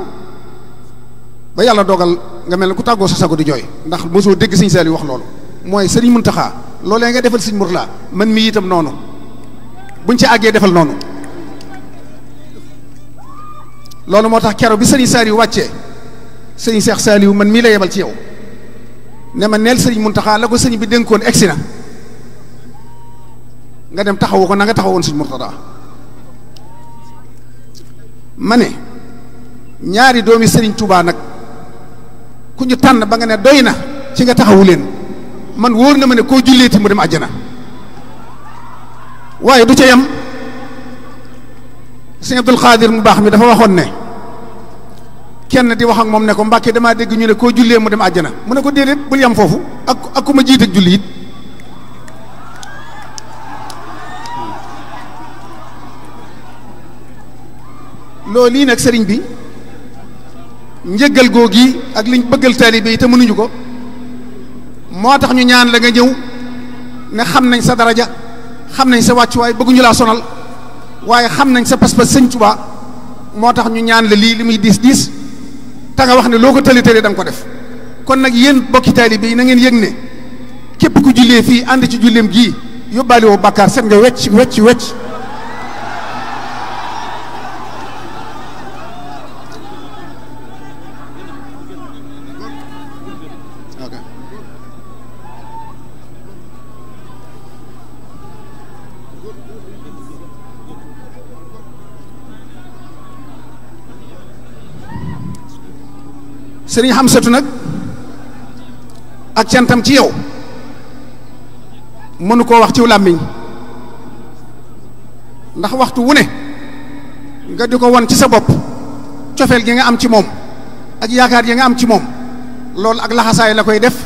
ba yàlla dogal nga mel ne ku tàggoo sa sago di jooy ndax mosoo dégg sëñ Saaliw wax loolu mooy sëriñ Muntaxa loolee nga defal sëriñ Murtala man mii itam noonu buñ ci àggee defal noonu loolu moo tax kero bi sëriñ Saaliw wàccee sëriñ Seex Saaliw man mii la yebal ci yow ne ma neel sëriñ Muntaxa la ko sëriñ bi dénkoon egsi na nga dem taxawu ko na nga taxawoon sëriñ Murtala ma ne ñaari doomi sëriñ Tuubaa nag ku ñu tànn ba nga ne doy na ci nga taxawu leen man wóor na ma ne koo julleeti mu dem àjjana waaye du ca yam sëñ Abdul mu baax mi dafa waxoon ne kenn di wax ak moom ne ko Mbàkke damaa dégg ñu ne koo jullee mu dem àjjana mu ne ko déedéet bul yam foofu ak ak ku ma jiit ak julli it loolu lii nag sëriñ bi njëggal gi ak liñ bëggal taalibe yi te mënuñu ko moo tax ñu ñaan la nga ñëw ne xam nañ sa daraja xam nañ sa wàccuwaay bëgguñu laa sonal waaye xam nañ sa pas-pas sëñ Tuubaa moo tax ñu ñaan la lii li muy diis diis te nga wax ne loo ko tëli tëli da nga ko def kon nag yéen bokki taalibe yi na ngeen yëg ne képp ku jullee fii ànd ci julleem gii yóbbaale woo bakkaar set nga wecc wecc wecc sëriñ Xamsatu nag ak cantam ci yow mënu koo wax ciw làmmiñ ndax waxtu wu ne nga di ko won ci sa bopp cofeel gi nga am ci moom ak yaakaar gi nga am ci moom loolu ak laxasaay la koy def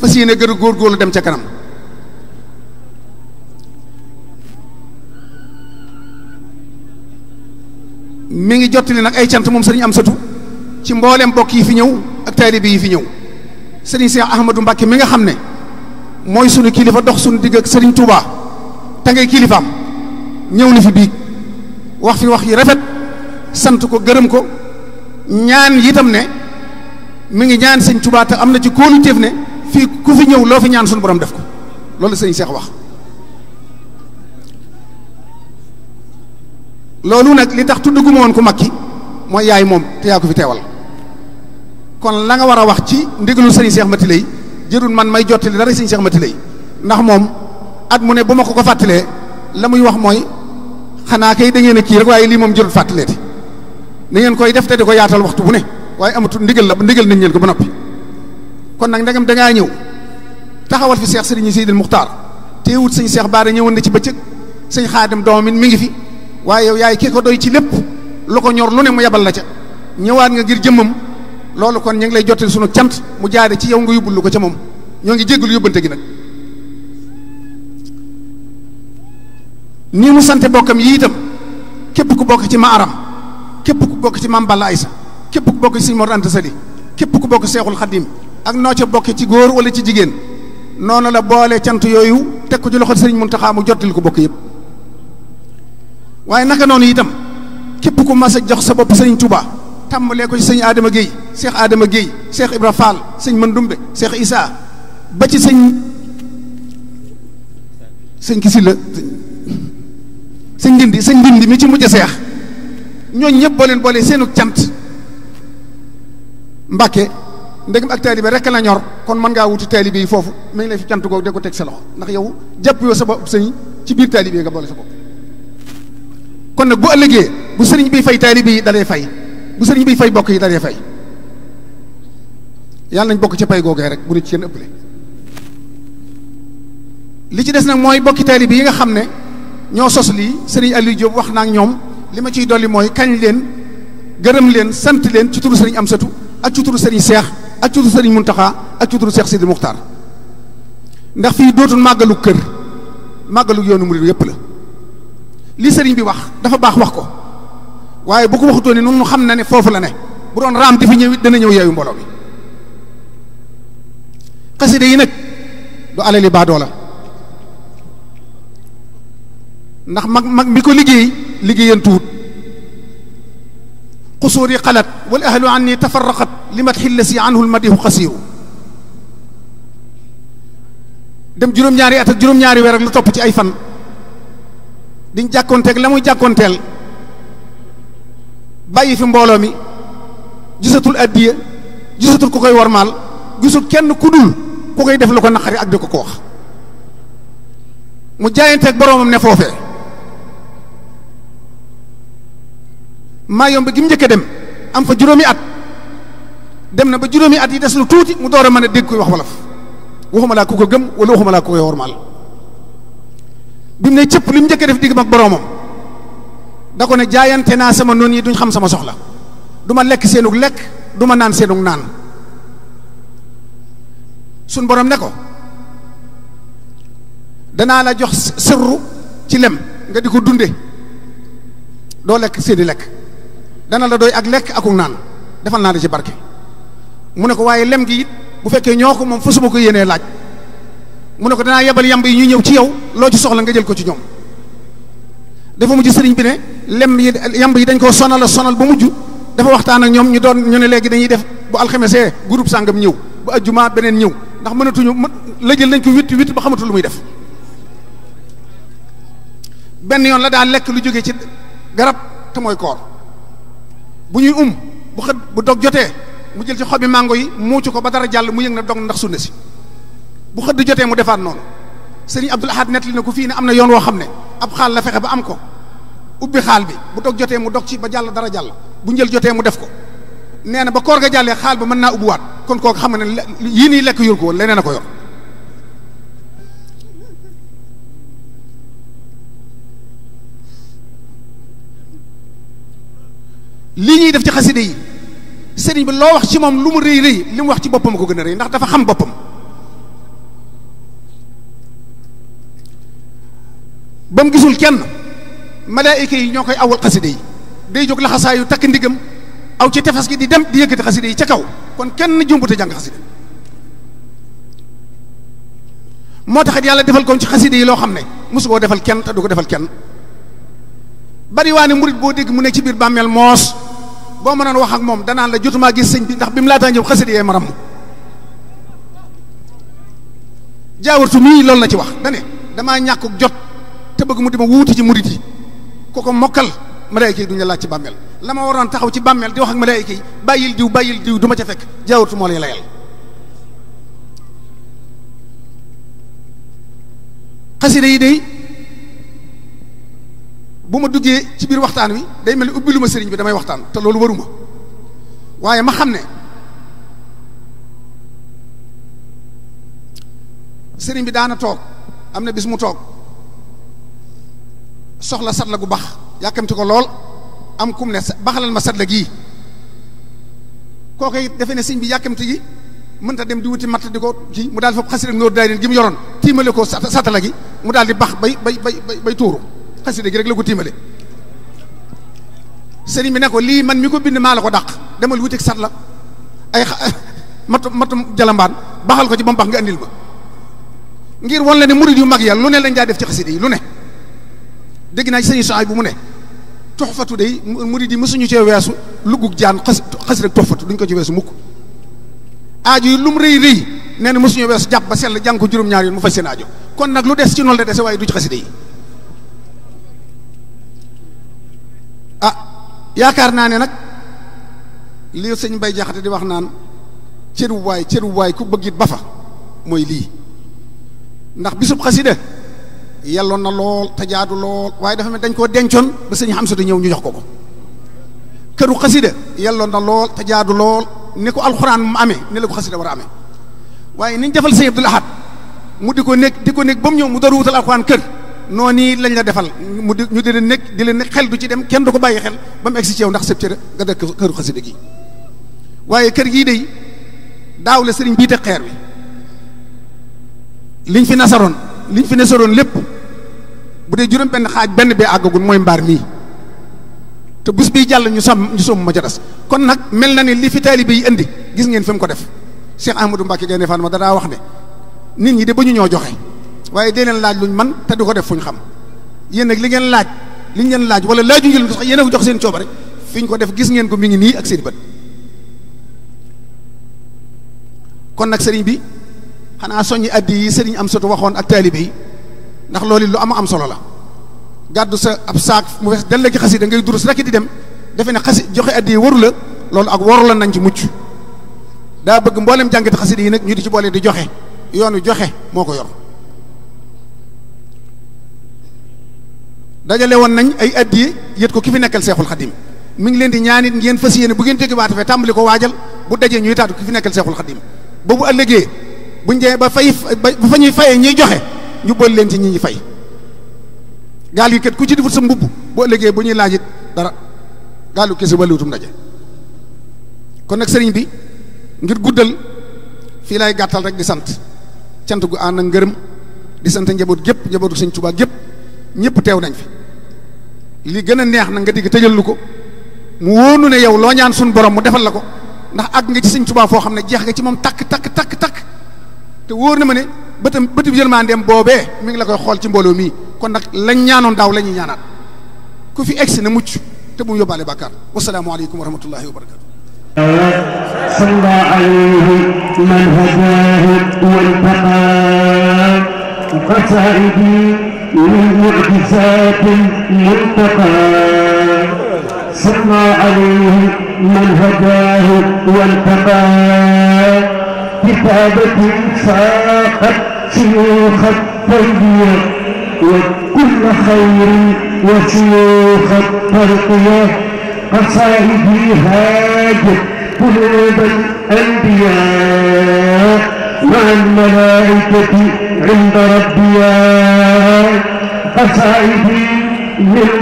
fas yéene gën góor góorgóorlu dem ca kanam mi ngi jottali nag ay cant moom am Amsatu ci mboolem bokk yi fi ñëw ak taalibe yi fi ñëw sëriñ Cheikh Ahmadou Mbacké mi nga xam ne mooy sunu kilifa dox suñu digg ak sëriñ Touba te kilifaam ñëw na fi biig wax fi wax yi rafet sant ko gërëm ko ñaan yitam ne mu ngi ñaan sëñ Touba te am na ci kóolu téef ne fii ku fi ñëw loo fi ñaan sunu borom def ko loolu sëriñ seex wax loolu nag li tax tudd gu ma woon ku mag ki mooy yaay moom te yaa ko fi teewal kon la nga war a wax ci ndigalu sëriñ seex Mati lay jërul man may jottali dara sëriñ Cheikh Mati lay ndax moom at mu ne bu ma ko ko fàttalee la muy wax mooy xanaa kay da ngeen a kii rek waaye lii moom jërul fàttaleeti ni ngeen koy def te di ko yaatal waxtu bu ne waaye amatul ndigal la ndigal nañ leen ko ba noppi kon nag ndegam da ngaa ñëw taxawal fi Cheikh siy Seydil Muxtaar teewut sëñ Cheikh Baara ñëwoon na ci bëccëg sëñ Xaadim doomam mi ngi fi waaye yow yaay ki ko doy ci lépp lu ñor lu ne mu yabal la ca ñëwaat nga ngir jëmmam. loolu kon ñu ngi lay jottali sunu cant mu jaare ci yow nga yóbbul lu ko ca moom ñoo ngi jéggul yóbbante gi nag nii mu sante bokkam yi itam képp ku bokk ci ma képp ku bokk ci maam Balla Aysa képp ku bokk ci Mor Anta képp ku bokk Seexul Xadim ak noo ca bokk ci góor wala ci jigéen noonu la boole cant yooyu teg ko ci loxo Sëriñ Muntaxa mu jottil ko bokk yépp waaye naka noonu itam képp ku mas a jox sa bopp Sëriñ Tuubaa tàmbalee ko ci sëñ Adama Guèye Cheikh Adama Guèye Cheikh Ibra Fall sëñ Mandoumbe Cheikh Issa ba ci sëñ sëñ kisi la sëñ ndindi sëñ ndindi mi ci mujj seex ñooñ ñëpp boo leen boolee seenu cant Mbàkke ndegam ak taalibe rek la ñor kon mën ngaa wuti taalibe yi foofu nañ lay fi cant googu de ko teg sa loxo ndax yow jàpp yoo sa bopp ci biir taalibe nga boole sa kon nag bu ëllëgee bu sëriñ bi fay taalibe yi da fay bu sëriñ bi fay bok yi dañuy fay yalla nañ bok ci pay googee rek bu nit ci seen ëppale li ci dess nak moy bokki talib yi nga xam ño sos li serigne ali Diop wax nak ñom ñoom li ma ciy doli moy kañ leen gërëm leen sant leen ci turu serigne Amsatu ak ci turu serigne cheikh ak ci turu serigne Muntaxa ak ci turu cheikh Sidi mukhtar ndax fi dootul magalu kër magalu yoonu murid yépp la li serigne bi wax dafa bax wax ko waye bu ko waxto ni nun xamna ni fofu la ne bu don ram difi fi dana ñëw yeeyu mbolo bi qasida yi nak du alali baadoo la ndax mag mag mi ko liggéey liggéeyan tuut قصوري قلت والأهل عني تفرقت لمدح الذي عنه المديح قصير dem juróom ñaari at ak juróom ñaari weer ak lu topp ci ay fan diñ jàkkoonteeg la muy jàkkoontel bàyyi fi mbooloo mi gisatul addiya gisatul ku koy warmaal gisul kenn ku dul ku koy def la ko naqari ak di ko ko wax mu jaayanteeg boroomam ne foofee maa yomb gi mu njëkk dem am fa juróomi at dem na ba juróomi at yi des lu tuuti mu door a a dégg koy wax wolof waxuma laa ko gëm wala waxuma laa ku koy wormaal bi mu ne cëpp li mu def digg mag boroomam da ko ne jaayante naa sama noon yi duñ xam sama soxla duma ma lekk seenug lekk duma naan seenug naan suñ borom ne ko danaa la jox sërru ci lem nga di ko dunde doo lekk seeni lekk dana la doy ak lekk akuk naan defal naa la ci barke mu ne ko waaye lem gi it bu fekkee ñoo ko moom fa suma ko yéenee laaj mu ne ko danaa yebal yamb yi ñuy ñëw ci yow loo ci soxla nga jël ko ci ñoom dafa mujj sëriñ bi ne lem yi yamb yi dañ koo sonal sonal ba mujj dafa waxtaan ak ñoom ñu doon ñu ne léegi dañuy def bu alxemesee groupe sàngam ñëw bu ajjuma beneen ñëw ndax mënatuñu la jël nañ ko witt witt ba xamatu lu muy def benn yoon la daa lekk lu jóge ci garab te mooy koor bu ñuy um bu xët bu dog jotee mu jël ci xobi mango yi muucu ko ba dara jàll mu yëg na dog ndax sunna si bu xëdd jotee mu defaat noonu sëriñ Abdul Ahad nett li na ko fii ne am na yoon woo xam ne ab xaal la fexe ba am ubbi xaal bi bu dog jotee mu dog ci ba jàll dara jàll bu njël jotee mu def ko nee na ba koor ga jàllee xaal ba mën naa waat kon kooku xam ne yii nii lekk yor ko woon leneen a ñuy def ci xaside yi sëriñ bi loo wax ci moom lu mu rëy rëy li mu wax ci boppam ko gën a rëy ndax dafa xam boppam ba mu gisul kenn malaayika yi ñoo koy awal xasida yi day jóg laxasaayu takk ndigam aw ci tefes gi di dem di yëkkati xasida yi ca kaw kon kenn jumbute jàng xasida moo taxit yàlla defal koom ci xasida yi loo xam ne mosu koo defal kenn te du ko defal kenn bari waa ne murit boo dégg mu ne ci biir bàmmeel moos boo mënoon wax ak moom danaan la jotumaa gis sëñ bi ndax bi mu laataa ñëw xasida yee maram jaawartu mii loolu la ci wax dane damaa ñàkkuk jot te bëgg mu dima wuuti ci murit yi kooko ko mokkal malaayika yi duñu laaj ci bàmmeel la ma waroon taxaw ci bàmmeel di wax ak malaayika bàyyil diw bàyyil diw du ma ca fekk jaawatu moo lay layal xasida yi day bu ma duggee ci biir waxtaan wi day mel ni ubbi lu ma sëriñ bi damay waxtaan te loolu waruma waaye ma xam ne sëriñ bi daana toog am na bis mu toog soxla satla gu bax yàkkamti ko lool am kum ne baxalal ma satla gii kooku it defe ne siñ bi yàkkamti gi mënta dem di wuti matt di ko ci mu daal di fa xasida Nuuru Daarayni gi mu yoroon tiimale ko satala gi mu daal di bax bay bay bay bay tuuru xasida gi rek la ko tiimale sëriñ bi ne ko lii man mi ko bind maa la ko dàq demal wutik la ay matu matum jalambaan baxal ko ci ba mu bax nga andil ma ngir wan la ne murid yu mag ya lu ne lañ daa def ci xasida yi lu ne dégg naa ci sëñ Saay bu mu ne tox toxfatu mu di yi mësuñu cee weesu luggug jaan xas xas rek toxfatu duñ ko ci weesu mukk aajo yi lu mu rëy rëy nee na mësuñu wees jàpp ba sell jàng ko juróom-ñaar yoon mu faj seen aajo kon nag lu des ci noonu la dese waaye du ci xasida yi ah yaakaar naa ne nag li sëñ bay Jaxate di wax naan cëru waay cëru waay ku bëgg it ba fa mooy lii ndax bisub xasida yelloon na lool tajaadu jaadu lool waaye dafa mel dañ koo dencoon ba sëñ Xamsatu ñëw ñu jox ko ko këru xasida yelloon na lool te jaadu lool ni ko alxuraan mu amee ni la ko xasida war a ame waaye niñ defal sëñ Abdul laxaat mu di ko nekk di ko nekk ba mu ñëw mu door wutal alxuraan kër noonu yi lañ la defal mu di ñu di nekk di leen nekk xel du ci dem kenn du ko bàyyi xel ba mu egsi ci yow ndax sëb cër nga dëkk këru xasida gi waaye kër gii day daaw la sëriñ bii te xeer wi liñ fi nasaroon liñ fi ne soroon lépp bu dee juróom benn xaaj benn bee àggagul mooy mbaar mii te bus bii jàll ñu sam ñu somm ma ca kon nag mel na ni li fi taalibe yi indi gis ngeen fi mu ko def Cheikh Ahmadou Mbacke Gaynde Fatma danaa wax ne nit ñi de ba ñu ñoo joxe waaye dee leen laaj luñ man te di ko def fu ñu xam yéen nag li ngeen laaj li leen laaj wala laajuñu leen ko sax yéen a ko jox seen coobare fi ñu ko def gis ngeen ko mi ngi nii ak seen bët kon nag sëriñ bi. xana soñi addi yi sëriñ am sotu waxoon ak taalibe yi ndax loolu lu am am solo la gàddu sa ab saak mu fees del la ci xasi da ngay durus rek di dem defe ne xasi joxe addi waru la loolu ak waru la nañ ci mucc daa bëgg mboolem jàngati xasi yi nag ñu di ci boole di joxe yoonu joxe moo ko yor dajale woon nañ ay addi yët ko ki fi nekkal seexul xadim mi ngi leen di ñaanit ngeen fas yéene bu ngeen dégg baata fee tàmbali ko waajal bu dajee ñuy taatu ki fi nekkal seexul xadim ba bu ëllëgee buñ demee ba fay ba fa ñuy fayee ñuy joxe ñu boole leen ci ñi ñuy fay gaal gi kat ku ci defut sa mbubb boo ëllëgee bu ñuy laaj it dara gaalu kese wàlluutum ndaje kon nag sëriñ bi ngir guddal fii lay gàttal rek di sant cant gu ànd ak di sant njaboot gépp njabootu sëñ Tuubaa gépp ñëpp teew nañ fi li gën a neex na nga digg tëjal lu ko mu wóonu ne yow loo ñaan suñu borom mu defal la ko ndax àgg nga ci sëñ Tuubaa foo xam ne jeex nga ci moom takk takk takk takk te wóor na ma ne bëtam bëtub yërmandeem bobé mi ngi la koy xol ci mbolo mi kon nak lañ ñaanon daw la ñaanat ku fi ex na muccu te bu yobale bakkar wa bàkkaar alaykum wa rahmatullahi wa barakatuh صلى صلى عليه من هداه والتقى بكعبة ساقت شيوخ التربية وكل خير وشيوخ الترقية قصائدي هاجت قلوب الأنبياء مع الملائكة عند ربيا قصائدي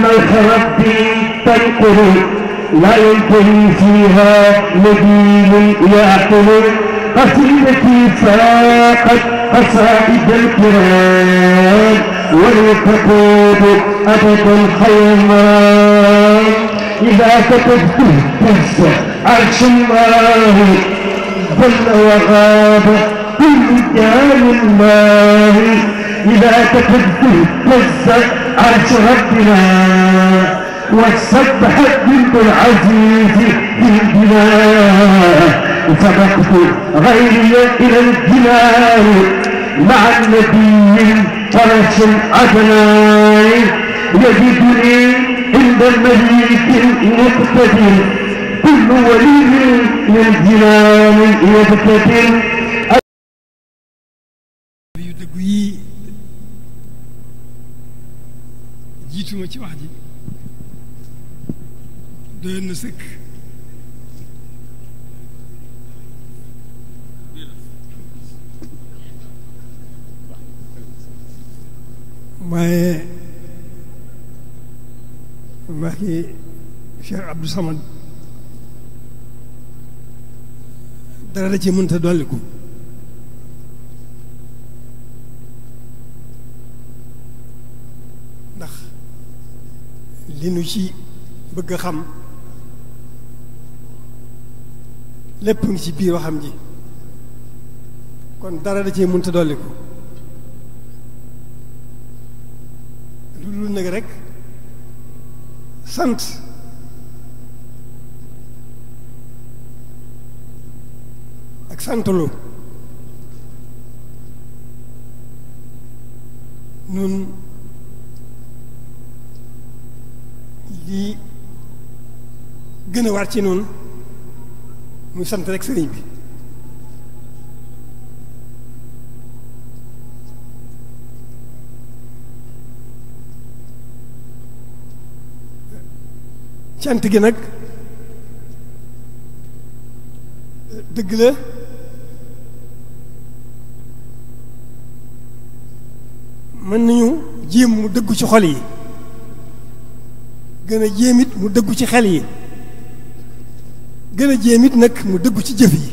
خربت تنقل لا ينتهي فيها نبي يعقل قصيدتي ساقت قصائد الكرام والكتب ابد خيران إذا كتبت تنسى عرش الله ظل وغاب كل جان الله إذا كتبت تنسى عرش ربنا وسبحت بنت العزيز في البلاد سبقت غيري إلى الجنان مع النبي فرس الأدنان يجدني عند المجيد المقتدر كل ولي من الجنان jiituma ci wax ji doyoon na sëkk waaye baax ki Cheikh Abdou Samad dara da ci mënta dolliku ndax li nu ci bëgg a xam lépp ngi ci biir waxam ji kon dara da ci mënta dolliku lu nag rek sant ak santlu nun li gën a war ci noonu muy sant rek sëriñ bi cant gi nag dëgg la mën nañu jéem mu dëggu ci xol yi gën a jéem it mu dëggu ci xel yi gën a jéem it nag mu dëggu ci jëf yi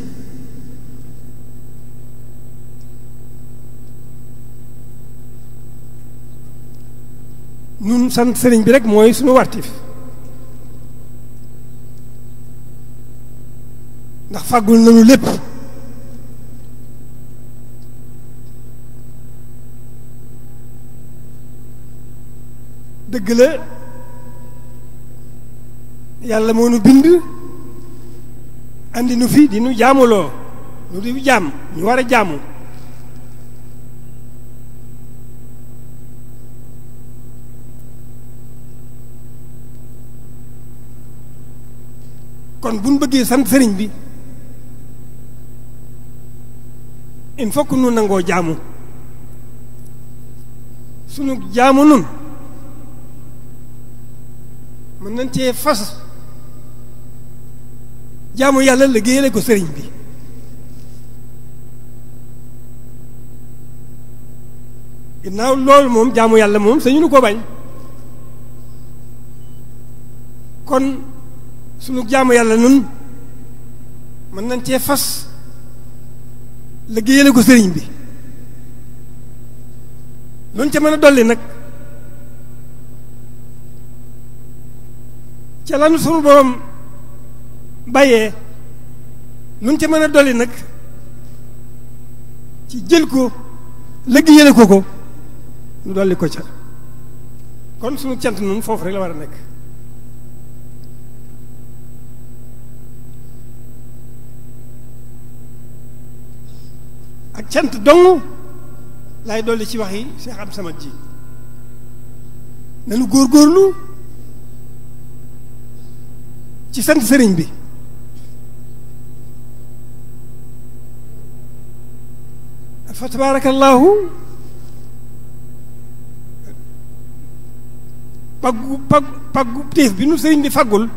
nun sant sëriñ bi rek mooy suñu wartif ndax fàggul nañu lépp dëgg la yàlla moo nu bind andi nu fi di nu jaamuloo nu di jaam ñu war a jaamu kon bu ñu bëggee sant sëriñ bi il faut que nu nangoo jaamu sunu jaamu nun mën nañ cee fas jaamu yàlla liggéeyale ko sëriñ bi ginnaaw loolu moom jaamu yàlla moom sañu nu ko bañ kon sunu jaamu yàlla nun mën nañ cee fas liggéeyale ko sëriñ bi luñ ca mën a dolli nag ca lan sunu borom bàyyee luñ ca mën a dolli nag ci jël ko liggéeyale ko ko nu dolli ko ca kon sunu cant noonu foofu rek la war a nekk ak cant dong laay dolli ci wax yi Cheikh Abdou Samad ji góor góorlu ci sant sëriñ bi fa tabaarakallaahu paggu paggu téef bi nu sëriñ bi faggul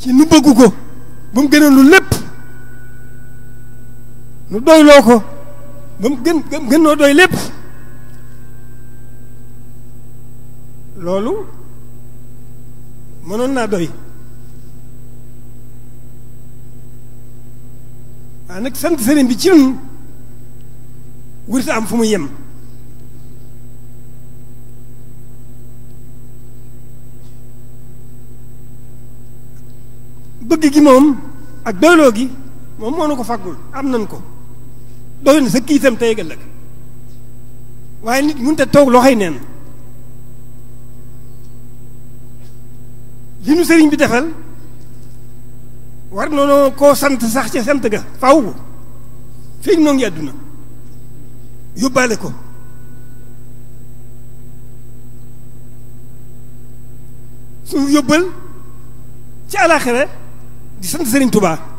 ci nu bëggu ko ba mu gënoon lu lépp nu doyloo ko ba mu gën gën noo doy lépp loolu mënoon naa doy waaye nag sant sëriñ bi ci nun wurta am fu mu yem bëgg gi moom ak doyloo gi moom moo nu ko faggul am nan ko doon sa kiisam tey ak ëllëg waaye nit munta a toog loxoy neen li nu sëriñ bi defal war noonu koo sant sax ca sant ga faw feeg noo ngi àdduna yóbbaale ko su yóbbal ci alaxira di sant sëriñ tubaa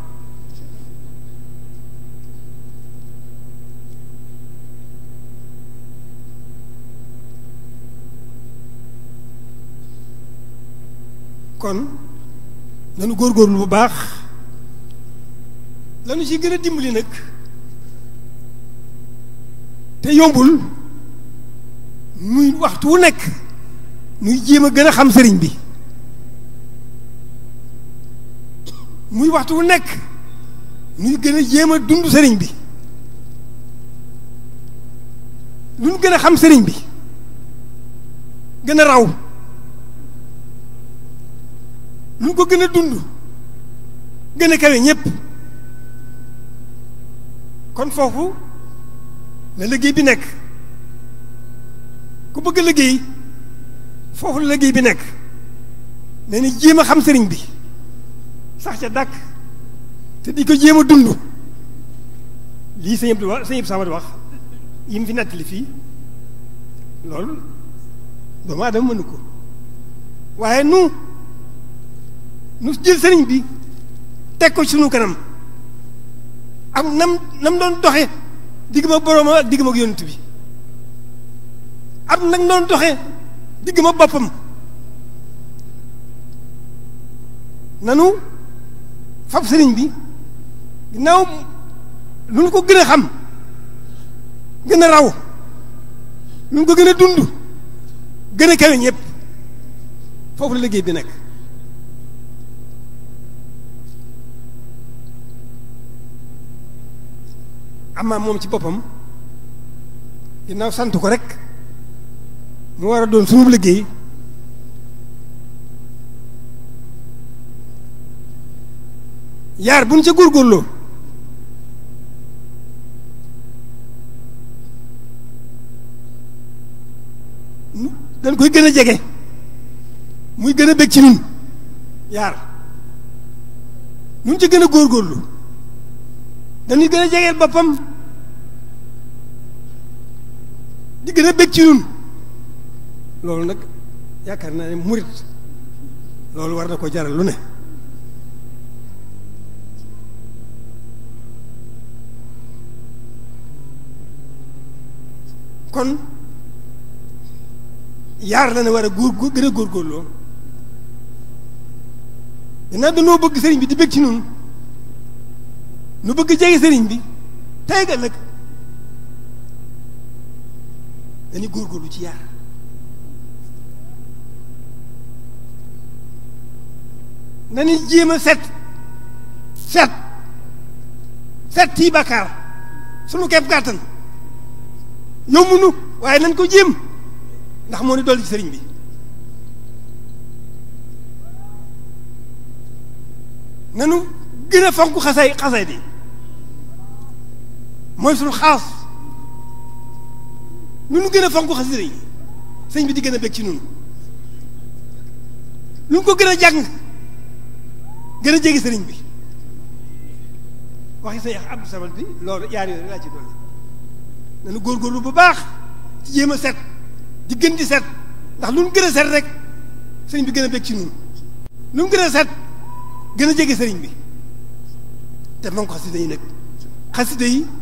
kon góor góorgóorlu bu baax lanu ci gën a dimbali nag te yombul muy waxtu wu nekk muy jéem a gën a xam sëriñ bi muy waxtu wu nekk muy gën a jéem a dund sëriñ bi lu gën a xam sëriñ bi gën a raw lu ko gën a dund gën a kawe ñépp kon foofu la liggéey bi nekk ku bëgg liggéey foofu la liggéey bi nekk ne ni jéem a xam sëriñ bi sax ca dàkk te di ko jéem a dund lii sëñ Abdou wax sëñ Abdou Samad wax yi mu fi nettali fii loolu doomu aadama mënu ko waaye nu nu jël sëriñ bi teg ko sunu kanam am nam nam doon doxe digg ma boroomam digg ma yonent bi ak nag doon doxe digg ma boppam nanu fab sëriñ bi ginnaaw lu ñu ko gën xam gën a raw lu ñu ko gën a dund gën a kawe ñëpp la liggéey bi amaa moom ci boppam ginnaaw sant ko rek mu war a doon suñu liggéey yaar buñ ca góorgóorloo dañ koy gën a jege muy gën a bég mu ñun yaar nun ca gën góorgóorlu dañuy gën a jegeel boppam di gën a bég ci loolu nag yaakaar naa ne murit loolu war na ko jaral lu ne kon yaar la ne war a góor gën a góorgóorloo dinaa dañoo bëgg bi di bég ci ñun nu bëgg jege sëriñ bi tey ga nag dañu góorgóorlu ci yaar nañu jéem a set set set yi bàkkaar sunu kepp kàttan yomb nu waaye nañ ko jéem ndax moo ni ci sëriñ bi nanu gën a fonk xasay xasay di mooy suñu xaas lu nu gën a fonk xasida yi sëñ bi di gën a bég ci ñun lu ñu ko gën a jàng gën a jege sëriñ bi waxi sëñ Abdou Samad bi loolu yaar yooyu laa ci dolli nañu góorgóorlu bu baax ci jéem a set di gën di set ndax lu mu gën a set rek sëriñ bi gën a bég ci ñun lu mu gën a set gën a jege sëriñ bi te man ko xasida yi nag xasida yi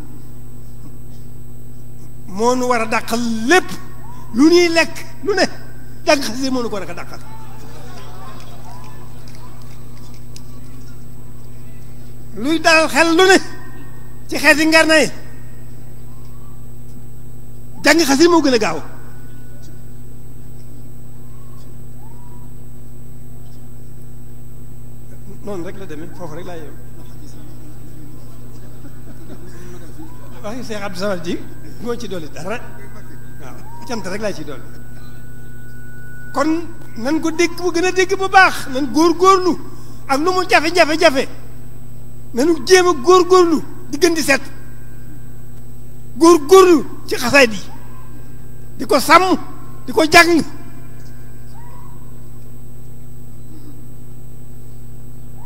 moo nu war a dàqal lépp lu ñuy lekk lu ne jàng xasida moo nu ko war a dàqal luy dalal xel lu ne ci xeeti ngarna yi jàng xasida moo gën a gaaw noonu rek la demee foofu rek laa yem waxi Cheikh Abdou Samad ji boo ci dolli dara waaw cant rek laa ci dolli kon nan ko dégg bu gën a dégg bu baax nan góorgóorlu ak lu mu jafe-jafe-jafe nanu jéem a góorgóorlu di gën di set góorgóorlu ci xasaayid yi di ko sàmm di ko jàng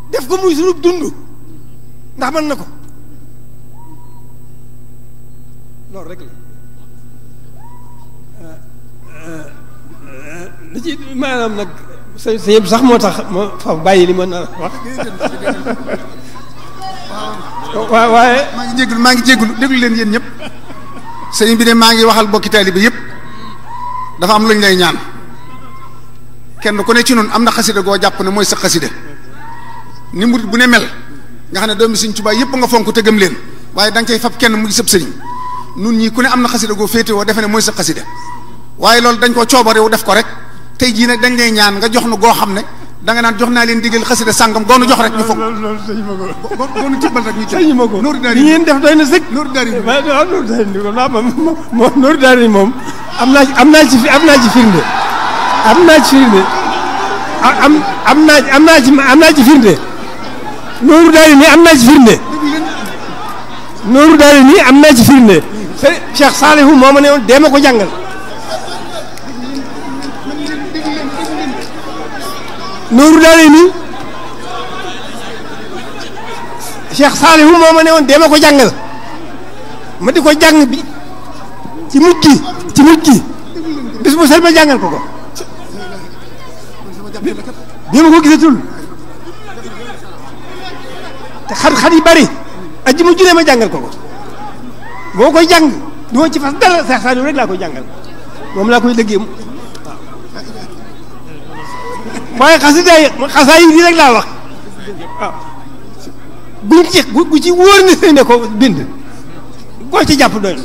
def ko muy sunub dund ndax mën na ko loolu rek euh, euh, euh, li ci maanaam nag sa sa yëpp sax moo tax ma fa bàyyi li ma nar wax. waaye. maa ngi jégalu maa ngi jégalu déglu leen yéen ñëpp sëriñ bi de maa ngi waxal bokki taalibe yëpp dafa am luñ lay ñaan kenn ku ne ci noonu am na xasida goo jàpp ne mooy sa xasida ni murit bu ne mel nga xam ne doomi Sëriñ Tuubaa yëpp nga fonk te gëm leen waaye da fab kenn mu ngi sëb nun ñii ku ne am na xasida goo féete woo defe ne mooy sa xasida waaye lool dañ ko coobarewu def ko rek tey jii nag dañ lay ñaan nga jox nu goo xam ne danga naan jox naa leen digal xasida sàngam goonu jox rek ñu foog goonu tibbal rek ñu sëñ def doy na sëg nooru daari nooru daari moom nooru daari moom am naa am naa ci am naa naa am naa am naa am naa ci firnde nooru daari ni am naa ci firnde nooru daal nii am naa ci firnde sëriñ Cheikh Salihu moo ma ne woon dee ma ko jàngal nooru daal nii Cheikh Salihu moo ma ko jàngal ma di ko jàng bi ci mujj ci mujj bis bu sel ma jàngal ko ko bi ma ko gisatul te yi bari aji mu juree ma jàngal ko ko boo koy jàng ci fas dara Seex Saaliw rek laa koy jàngal moom laa koy dëggee waaye xasida yi xasaa yi rek laa wax waaw guñ ci gu ci wóor ni sëñ ne ko bind koo ci jàpp doy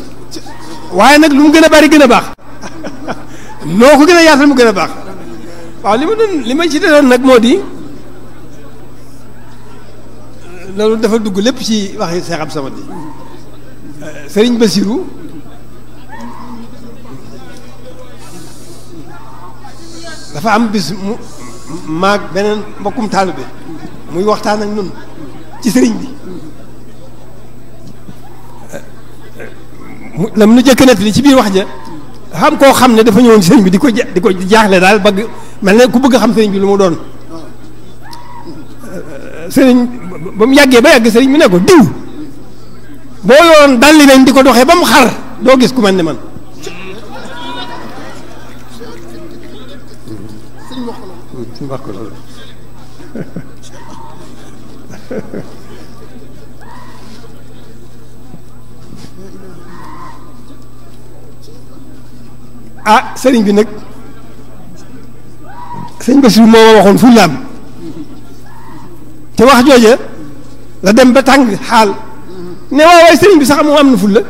waaye nag lu gën a bari gën a baax noo ko gën a yaatal mu gën a baax waaw li ma doon li ma ci nag moo di loolu dafa dugg lépp ci waxi Cheikh Abdou Samad Serigne Bassirou dafa am bis mu maag beneen mbokkum bi muy waxtaan ak nun ci sëriñ bi mu lam nu jëkk nett li ci biir wax ja xam koo xam ne dafa ñëwoon ci sëriñ bi di ko di ko jaaxle daal bëgg mel ne ku bëgg xam sëriñ bi lu mu doon sëriñ ba mu yàggee ba yàgg sëriñ bi ne ko diw boo yoon dalli nañ di ko doxe ba mu xar doo gis ku mel ne man ah sëriñ bi nag sëñ Basiru moo ma waxoon fullaam te wax la dem ba tàng xaal ne waaw sëriñ bi sax mu am na fulla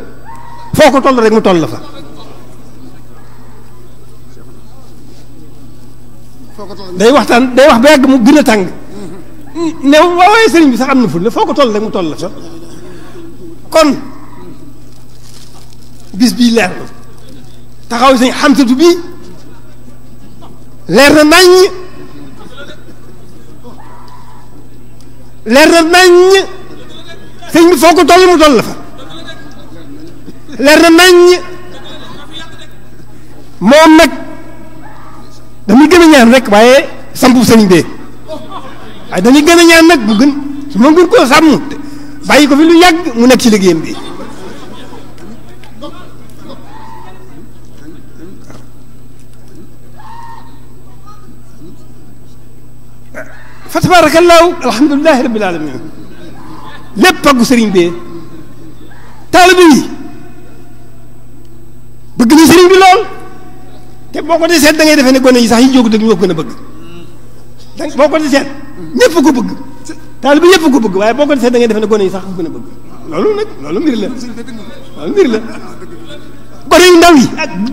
foo ko toll rek mu toll fa day waxtaan day wax ba yàgg mu gën a tàng ne waaw sëriñ bi sax am na fulla foo ko toll rek mu toll la kon bis bii leer na taxaw sëñ xamsatu bii leer na naññ leer na naññ sëñ bi foo ko toll mu toll fa leer na moom nag dañuy gën ñaan rek waaye sampu sëñ bee waaye dañuy gën ñaan nag bu gën su ma gën koo sàmm bàyyi ko fi lu yàgg mu nekk ci liggéeyam bi فتبارك الله الحمد لله رب العالمين لبا قسرين بي طالبي بغ ني سيرين بي لول تي بوكو دي سيت داغي ديفاني كوني صاح يجوك دك ما كنا بغ دك بوكو دي سيت نيب كو بغ طالبي ييب كو بغ واي بوكو دي سيت داغي ديفاني كوني صاح كنا بغ لولو نك لولو مير لا لولو مير لا بري ناوي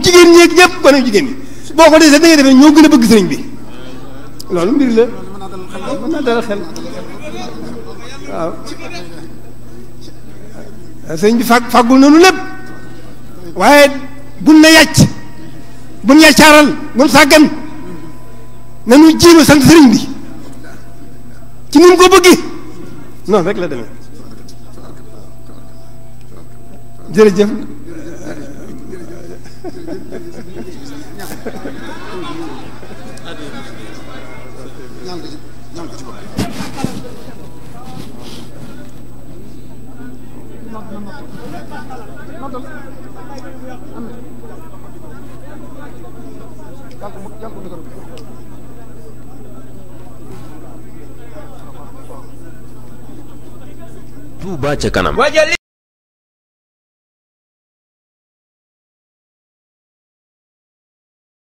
جيجين ييك ييب بري جيجين بوكو دي سيت داغي ديفاني ньо گنا بغ سيرين بي لولو مير لا mën naa dalal xel waaw sëñ bi fag fàggul nanu lépp waaye bun na yàcc bun yàccaaral bun sàggan nanu jiima sant sëriñ bi ci ni mu ko bëggi noonu rek la demee jërëjëf ñaan ko ci ñaan ko ci bopp Touba ca kanam